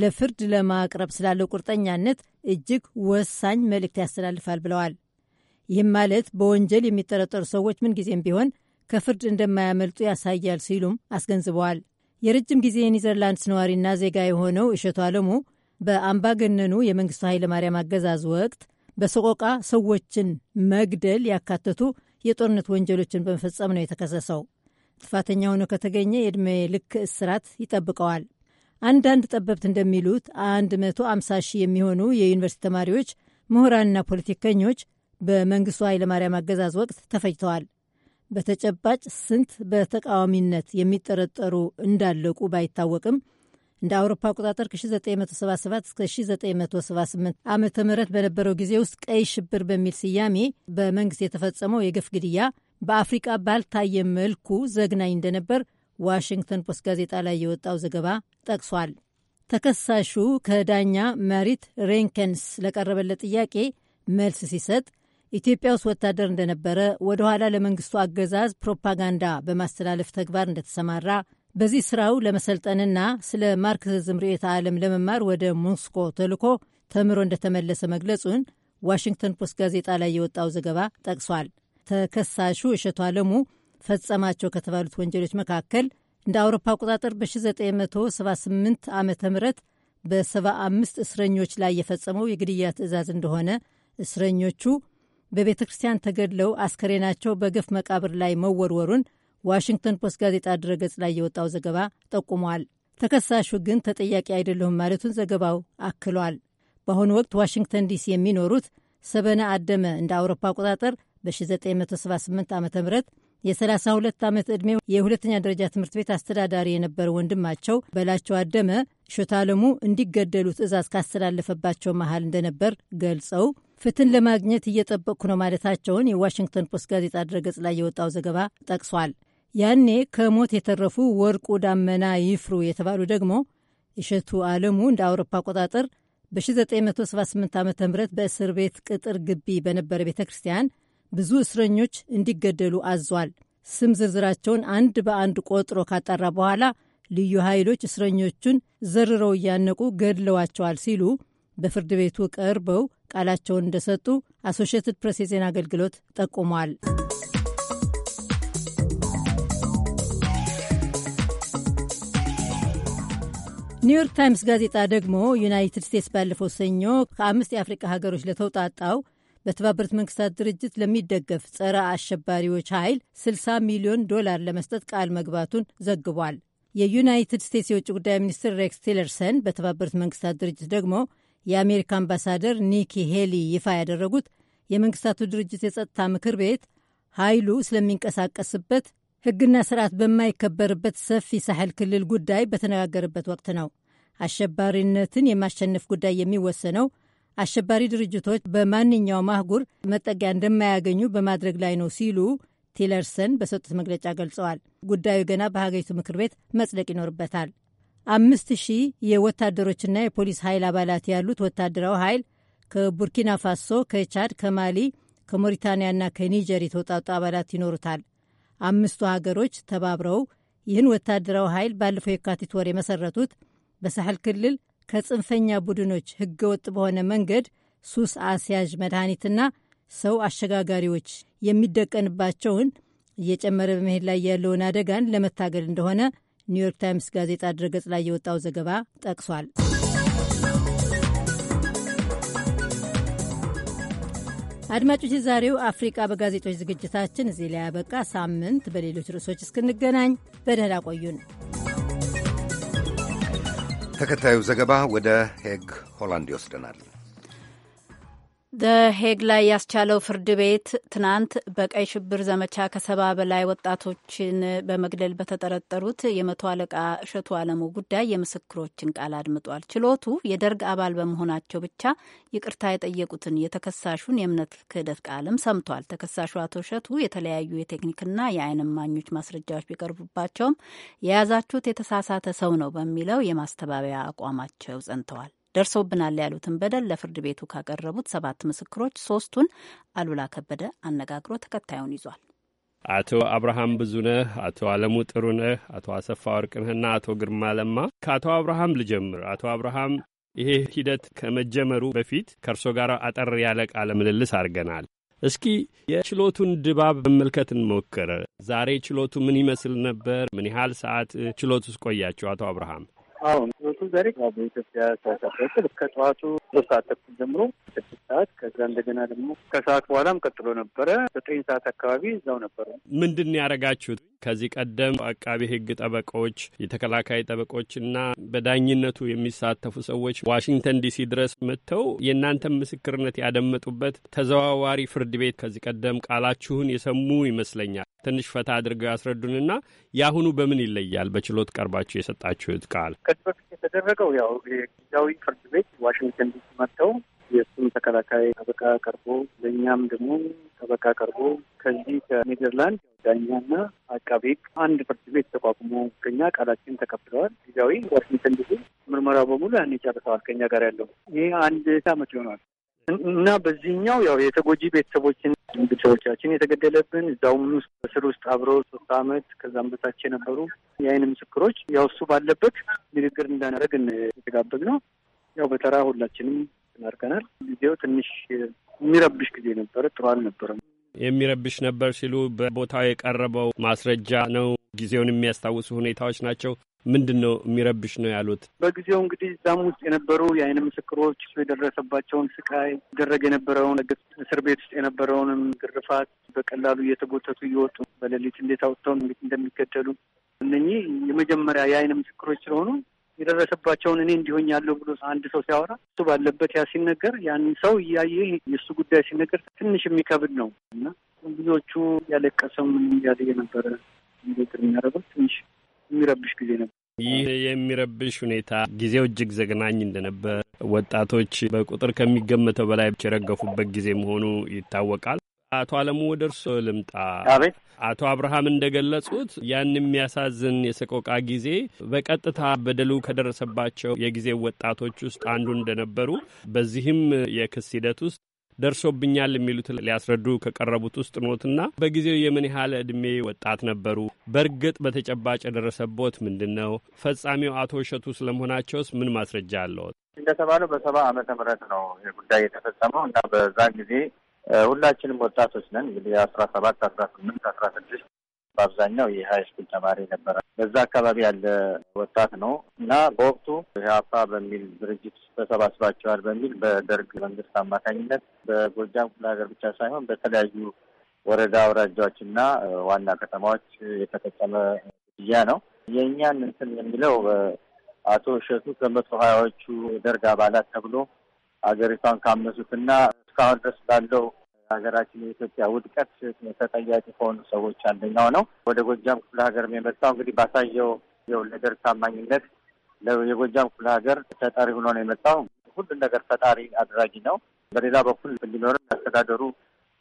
[SPEAKER 15] ለፍርድ ለማቅረብ ስላለው ቁርጠኛነት እጅግ ወሳኝ መልእክት ያስተላልፋል ብለዋል። ይህም ማለት በወንጀል የሚጠረጠሩ ሰዎች ምንጊዜም ቢሆን ከፍርድ እንደማያመልጡ ያሳያል ሲሉም አስገንዝበዋል። የረጅም ጊዜ የኒዘርላንድስ ነዋሪና ዜጋ የሆነው እሸቱ አለሙ በአምባገነኑ የመንግስቱ ኃይለማርያም አገዛዝ ወቅት በሰቆቃ ሰዎችን መግደል ያካተቱ የጦርነት ወንጀሎችን በመፈጸም ነው የተከሰሰው። ጥፋተኛ ሆኖ ከተገኘ የዕድሜ ልክ እስራት ይጠብቀዋል። አንዳንድ ጠበብት እንደሚሉት 150 ሺህ የሚሆኑ የዩኒቨርሲቲ ተማሪዎች፣ ምሁራንና ፖለቲከኞች በመንግስቱ ኃይለማርያም አገዛዝ ወቅት ተፈጅተዋል። በተጨባጭ ስንት በተቃዋሚነት የሚጠረጠሩ እንዳለቁ ባይታወቅም እንደ አውሮፓ አቆጣጠር ከ1977 እስከ 1978 ዓ ም በነበረው ጊዜ ውስጥ ቀይ ሽብር በሚል ስያሜ በመንግስት የተፈጸመው የገፍ ግድያ በአፍሪቃ ባልታየ መልኩ ዘግናኝ እንደነበር ዋሽንግተን ፖስት ጋዜጣ ላይ የወጣው ዘገባ ጠቅሷል። ተከሳሹ ከዳኛ መሪት ሬንከንስ ለቀረበለት ጥያቄ መልስ ሲሰጥ ኢትዮጵያ ውስጥ ወታደር እንደነበረ፣ ወደ ኋላ ለመንግስቱ አገዛዝ ፕሮፓጋንዳ በማስተላለፍ ተግባር እንደተሰማራ፣ በዚህ ስራው ለመሰልጠንና ስለ ማርክሲዝም ርዕዮተ ዓለም ለመማር ወደ ሞስኮ ተልኮ ተምሮ እንደተመለሰ መግለጹን ዋሽንግተን ፖስት ጋዜጣ ላይ የወጣው ዘገባ ጠቅሷል። ተከሳሹ እሸቱ አለሙ ፈጸማቸው ከተባሉት ወንጀሎች መካከል እንደ አውሮፓ አቆጣጠር በ1978 ዓ ም በ75 እስረኞች ላይ የፈጸመው የግድያ ትዕዛዝ እንደሆነ እስረኞቹ በቤተ ክርስቲያን ተገድለው አስከሬናቸው በገፍ መቃብር ላይ መወርወሩን ዋሽንግተን ፖስት ጋዜጣ ድረገጽ ላይ የወጣው ዘገባ ጠቁሟል። ተከሳሹ ግን ተጠያቂ አይደለሁም ማለቱን ዘገባው አክሏል። በአሁኑ ወቅት ዋሽንግተን ዲሲ የሚኖሩት ሰበነ አደመ እንደ አውሮፓ አቆጣጠር በ1978 ዓ ም የ32 ዓመት ዕድሜ የሁለተኛ ደረጃ ትምህርት ቤት አስተዳዳሪ የነበረ ወንድማቸው በላቸው አደመ እሸቱ አለሙ እንዲገደሉ ትዕዛዝ ካስተላለፈባቸው መሀል እንደነበር ገልጸው ፍትህን ለማግኘት እየጠበቅኩ ነው ማለታቸውን የዋሽንግተን ፖስት ጋዜጣ ድረገጽ ላይ የወጣው ዘገባ ጠቅሷል። ያኔ ከሞት የተረፉ ወርቁ ዳመና ይፍሩ የተባሉ ደግሞ እሸቱ አለሙ እንደ አውሮፓ አቆጣጠር በ1978 ዓ ም በእስር ቤት ቅጥር ግቢ በነበረ ቤተ ክርስቲያን ብዙ እስረኞች እንዲገደሉ አዟል። ስም ዝርዝራቸውን አንድ በአንድ ቆጥሮ ካጠራ በኋላ ልዩ ኃይሎች እስረኞቹን ዘርረው እያነቁ ገድለዋቸዋል ሲሉ በፍርድ ቤቱ ቀርበው ቃላቸውን እንደሰጡ አሶሺየትድ ፕሬስ የዜና አገልግሎት ጠቁሟል። ኒውዮርክ ታይምስ ጋዜጣ ደግሞ ዩናይትድ ስቴትስ ባለፈው ሰኞ ከአምስት የአፍሪካ ሀገሮች ለተውጣጣው በተባበሩት መንግስታት ድርጅት ለሚደገፍ ጸረ አሸባሪዎች ኃይል 60 ሚሊዮን ዶላር ለመስጠት ቃል መግባቱን ዘግቧል። የዩናይትድ ስቴትስ የውጭ ጉዳይ ሚኒስትር ሬክስ ቲለርሰን በተባበሩት መንግስታት ድርጅት ደግሞ የአሜሪካ አምባሳደር ኒኪ ሄሊ ይፋ ያደረጉት የመንግስታቱ ድርጅት የጸጥታ ምክር ቤት ኃይሉ ስለሚንቀሳቀስበት ሕግና ስርዓት በማይከበርበት ሰፊ ሳሕል ክልል ጉዳይ በተነጋገረበት ወቅት ነው። አሸባሪነትን የማሸነፍ ጉዳይ የሚወሰነው አሸባሪ ድርጅቶች በማንኛውም አህጉር መጠጊያ እንደማያገኙ በማድረግ ላይ ነው ሲሉ ቲለርሰን በሰጡት መግለጫ ገልጸዋል። ጉዳዩ ገና በሀገሪቱ ምክር ቤት መጽደቅ ይኖርበታል። አምስት ሺህ የወታደሮችና የፖሊስ ኃይል አባላት ያሉት ወታደራዊ ኃይል ከቡርኪና ፋሶ፣ ከቻድ፣ ከማሊ፣ ከሞሪታንያና ከኒጀር የተውጣጡ አባላት ይኖሩታል። አምስቱ ሀገሮች ተባብረው ይህን ወታደራዊ ኃይል ባለፈው የካቲት ወር የመሰረቱት በሳሕል ክልል ከጽንፈኛ ቡድኖች ህገወጥ በሆነ መንገድ ሱስ አስያዥ መድኃኒትና ሰው አሸጋጋሪዎች የሚደቀንባቸውን እየጨመረ በመሄድ ላይ ያለውን አደጋን ለመታገል እንደሆነ ኒውዮርክ ታይምስ ጋዜጣ ድረገጽ ላይ የወጣው ዘገባ ጠቅሷል። አድማጮች፣ የዛሬው አፍሪቃ በጋዜጦች ዝግጅታችን እዚህ ላይ ያበቃ። ሳምንት በሌሎች ርዕሶች እስክንገናኝ በደህና ቆዩን።
[SPEAKER 2] ተከታዩ ዘገባ ወደ ሄግ ሆላንድ ይወስደናል።
[SPEAKER 1] በሄግ ላይ ያስቻለው ፍርድ ቤት ትናንት በቀይ ሽብር ዘመቻ ከሰባ በላይ ወጣቶችን በመግደል በተጠረጠሩት የመቶ አለቃ እሸቱ አለሙ ጉዳይ የምስክሮችን ቃል አድምጧል። ችሎቱ የደርግ አባል በመሆናቸው ብቻ ይቅርታ የጠየቁትን የተከሳሹን የእምነት ክህደት ቃልም ሰምቷል። ተከሳሹ አቶ እሸቱ የተለያዩ የቴክኒክና የዓይን እማኞች ማስረጃዎች ቢቀርቡባቸውም የያዛችሁት የተሳሳተ ሰው ነው በሚለው የማስተባበያ አቋማቸው ጸንተዋል። ደርሶብናል ያሉትን በደል ለፍርድ ቤቱ ካቀረቡት ሰባት ምስክሮች ሶስቱን አሉላ ከበደ አነጋግሮ ተከታዩን ይዟል።
[SPEAKER 8] አቶ አብርሃም ብዙነህ፣ አቶ አለሙ ጥሩነህ፣ አቶ አሰፋ ወርቅነህና አቶ ግርማ ለማ። ከአቶ አብርሃም ልጀምር። አቶ አብርሃም ይሄ ሂደት ከመጀመሩ በፊት ከእርሶ ጋር አጠር ያለ ቃለ ምልልስ አድርገናል። እስኪ የችሎቱን ድባብ መመልከት እንሞክር። ዛሬ ችሎቱ ምን ይመስል ነበር? ምን ያህል ሰዓት ችሎት ውስጥ ቆያችሁ? አቶ አብርሃም
[SPEAKER 12] አሁን ህይወቱ ዛሬ በኢትዮጵያ ሰዓት ከጠዋቱ ሶስት ሰዓት ተኩል ጀምሮ ስድስት ሰዓት ከዛ እንደገና ደግሞ ከሰዓት በኋላም ቀጥሎ ነበረ። ዘጠኝ ሰዓት አካባቢ እዛው ነበረ።
[SPEAKER 8] ምንድን ያደረጋችሁት? ከዚህ ቀደም አቃቢ ህግ ጠበቆች፣ የተከላካይ ጠበቆችና በዳኝነቱ የሚሳተፉ ሰዎች ዋሽንግተን ዲሲ ድረስ መጥተው የእናንተን ምስክርነት ያደመጡበት ተዘዋዋሪ ፍርድ ቤት ከዚህ ቀደም ቃላችሁን የሰሙ ይመስለኛል። ትንሽ ፈታ አድርገው ያስረዱንና የአሁኑ በምን ይለያል? በችሎት ቀርባችሁ የሰጣችሁት ቃል ከዚህ
[SPEAKER 12] በፊት የተደረገው ያው ጊዜያዊ ፍርድ ቤት ዋሽንግተን ዲሲ መጥተው የእሱም ተከላካይ ጠበቃ ቀርቦ ለእኛም ደግሞ ጠበቃ ቀርቦ ከዚህ ከኔዘርላንድ ዳኛና አቃቤ ሕግ አንድ ፍርድ ቤት ተቋቁሞ ከኛ ቃላችን ተቀብለዋል። ጊዜያዊ ዋሽንግተን ዲሲ ምርመራ በሙሉ ያኔ ጨርሰዋል። ከኛ ጋር ያለው ይህ አንድ አመት ይሆናል እና በዚህኛው ያው የተጎጂ ቤተሰቦችን ቤተሰቦቻችን የተገደለብን እዛውም ውስጥ በስር ውስጥ አብሮ ሶስት አመት ከዛም በታች የነበሩ የአይን ምስክሮች ያው እሱ ባለበት ንግግር እንዳናደረግ የተጋበዝ ነው። ያው በተራ ሁላችንም እንትን አድርገናል። ጊዜው ትንሽ የሚረብሽ ጊዜ ነበረ። ጥሩ አልነበረም።
[SPEAKER 8] የሚረብሽ ነበር ሲሉ በቦታው የቀረበው ማስረጃ ነው። ጊዜውን የሚያስታውሱ ሁኔታዎች ናቸው። ምንድን ነው የሚረብሽ ነው ያሉት?
[SPEAKER 12] በጊዜው እንግዲህ እዛም ውስጥ የነበሩ የአይን ምስክሮች እሱ የደረሰባቸውን ስቃይ ይደረግ የነበረውን እስር ቤት ውስጥ የነበረውንም ግርፋት በቀላሉ እየተጎተቱ እየወጡ በሌሊት እንዴት አውጥተው እንዴት እንደሚገደሉ እነኚህ የመጀመሪያ የአይን ምስክሮች ስለሆኑ የደረሰባቸውን እኔ እንዲሆኝ ያለው ብሎ አንድ ሰው ሲያወራ እሱ ባለበት ያ ሲነገር ያንን ሰው እያየ የእሱ ጉዳይ ሲነገር ትንሽ የሚከብድ ነው እና ብዙዎቹ ያለቀሰም እያለ የነበረ እንዴት የሚያደርገው ትንሽ የሚረብሽ ጊዜ ነበር።
[SPEAKER 8] ይህ የሚረብሽ ሁኔታ ጊዜው እጅግ ዘግናኝ እንደነበር ወጣቶች በቁጥር ከሚገመተው በላይ የረገፉበት ጊዜ መሆኑ ይታወቃል። አቶ አለሙ ወደ እርስዎ ልምጣ። አቶ አብርሃም እንደገለጹት ያን የሚያሳዝን የሰቆቃ ጊዜ በቀጥታ በደሉ ከደረሰባቸው የጊዜ ወጣቶች ውስጥ አንዱ እንደነበሩ በዚህም የክስ ሂደት ውስጥ ደርሶብኛል የሚሉት ሊያስረዱ ከቀረቡት ውስጥ ኖትና በጊዜው የምን ያህል ዕድሜ ወጣት ነበሩ? በእርግጥ በተጨባጭ የደረሰቦት ምንድን ነው? ፈጻሚው አቶ እሸቱ ስለመሆናቸውስ ምን ማስረጃ አለዎት?
[SPEAKER 16] እንደተባለው በሰባ ዓመተ ምህረት ነው ጉዳይ የተፈጸመው እና በዛ ጊዜ ሁላችንም ወጣቶች ነን። እንግዲህ አስራ ሰባት አስራ ስምንት አስራ ስድስት በአብዛኛው የሀይ ስኩል ተማሪ ነበረ። በዛ አካባቢ ያለ ወጣት ነው እና በወቅቱ ኢህአፓ በሚል ድርጅት ተሰባስባቸዋል በሚል በደርግ መንግስት አማካኝነት በጎጃም ክፍለ ሀገር ብቻ ሳይሆን በተለያዩ ወረዳ አውራጃዎች እና ዋና ከተማዎች የተፈጸመ ግድያ ነው። የእኛን እንትን የሚለው አቶ እሸቱ ከመቶ ሀያዎቹ ደርግ አባላት ተብሎ ሀገሪቷን ካመሱት እና እስካሁን ድረስ ባለው ሀገራችን የኢትዮጵያ ውድቀት ተጠያቂ ከሆኑ ሰዎች አንደኛው ነው። ወደ ጎጃም ክፍለ ሀገር የመጣው እንግዲህ ባሳየው የወለደር ታማኝነት የጎጃም ክፍለ ሀገር ተጠሪ ሆኖ ነው የመጣው። ሁሉን ነገር ፈጣሪ አድራጊ ነው። በሌላ በኩል ቢኖርም አስተዳደሩ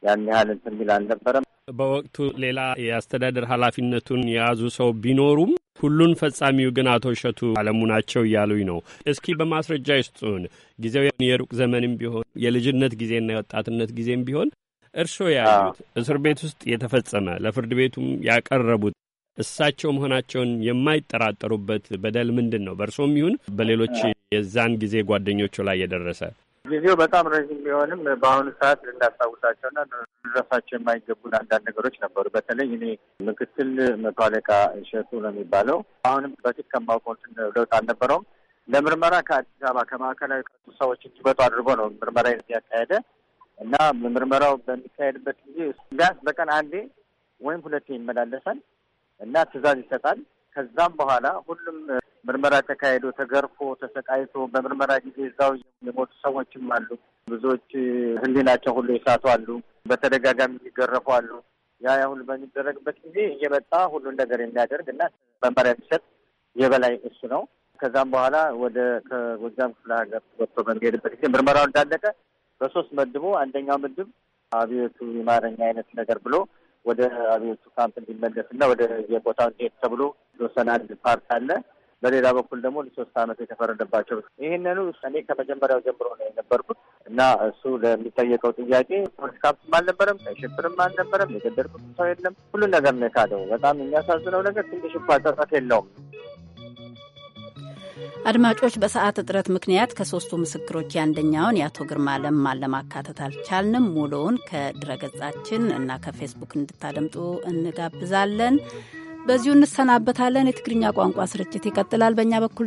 [SPEAKER 16] ያን ያህል እንትን የሚል አልነበረም።
[SPEAKER 8] በወቅቱ ሌላ የአስተዳደር ኃላፊነቱን የያዙ ሰው ቢኖሩም ሁሉን ፈጻሚው ግን አቶ እሸቱ አለሙ ናቸው እያሉኝ ነው። እስኪ በማስረጃ ይስጡን። ጊዜው የሩቅ ዘመንም ቢሆን የልጅነት ጊዜና የወጣትነት ጊዜም ቢሆን እርስዎ ያሉት እስር ቤት ውስጥ የተፈጸመ ለፍርድ ቤቱም ያቀረቡት እሳቸው መሆናቸውን የማይጠራጠሩበት በደል ምንድን ነው? በእርሶም ይሁን በሌሎች የዛን ጊዜ ጓደኞቹ ላይ የደረሰ
[SPEAKER 5] ጊዜው በጣም ረዥም
[SPEAKER 16] ቢሆንም በአሁኑ ሰዓት ልናስታውሳቸውና ልንረሳቸው የማይገቡን አንዳንድ ነገሮች ነበሩ። በተለይ እኔ ምክትል መቶ አለቃ እሸቱ ነው የሚባለው አሁንም በፊት ከማውቀው ለውጥ አልነበረውም። ለምርመራ ከአዲስ አበባ ከማዕከላዊ ሰዎች እንዲመጡ አድርጎ ነው ምርመራ ያካሄደ እና ምርመራው በሚካሄድበት ጊዜ ቢያንስ በቀን አንዴ ወይም ሁለቴ ይመላለሳል እና ትዕዛዝ ይሰጣል። ከዛም በኋላ ሁሉም ምርመራ ተካሄዶ ተገርፎ ተሰቃይቶ በምርመራ ጊዜ እዛው የሞቱ ሰዎችም አሉ። ብዙዎች ሕሊናቸው ሁሉ የሳቱ አሉ። በተደጋጋሚ የሚገረፉ አሉ። ያ ያ ሁሉ በሚደረግበት ጊዜ እየመጣ ሁሉን ነገር የሚያደርግ እና መመሪያ የሚሰጥ የበላይ እሱ ነው። ከዛም በኋላ ወደ ከጎጃም ክፍለ ሀገር ወጥቶ በሚሄድበት ጊዜ ምርመራው እንዳለቀ በሶስት መድቦ አንደኛው ምድብ አብዮቱ ይማረኝ አይነት ነገር ብሎ ወደ አብዮቱ ካምፕ እና ወደ የቦታው እንዲሄድ ተብሎ የተወሰነ አንድ ፓርት አለ። በሌላ በኩል ደግሞ ለሶስት አመት የተፈረደባቸው ይህንኑ እኔ ከመጀመሪያው ጀምሮ ነው የነበርኩት እና እሱ ለሚጠየቀው ጥያቄ ፖለቲካ ብትም አልነበረም፣ ሽብርም አልነበረም፣ የገደልኩት ሰው የለም። ሁሉን ነገር ነው የካደው። በጣም የሚያሳዝነው ነገር ትንሽ እኳ ጸጸት የለውም።
[SPEAKER 1] አድማጮች፣ በሰዓት እጥረት ምክንያት ከሶስቱ ምስክሮች የአንደኛውን የአቶ ግርማ ለማን ለማካተት አልቻልንም። ሙሉውን ከድረገጻችን እና ከፌስቡክ እንድታደምጡ እንጋብዛለን። በዚሁ እንሰናበታለን። የትግርኛ ቋንቋ ስርጭት ይቀጥላል። በእኛ በኩል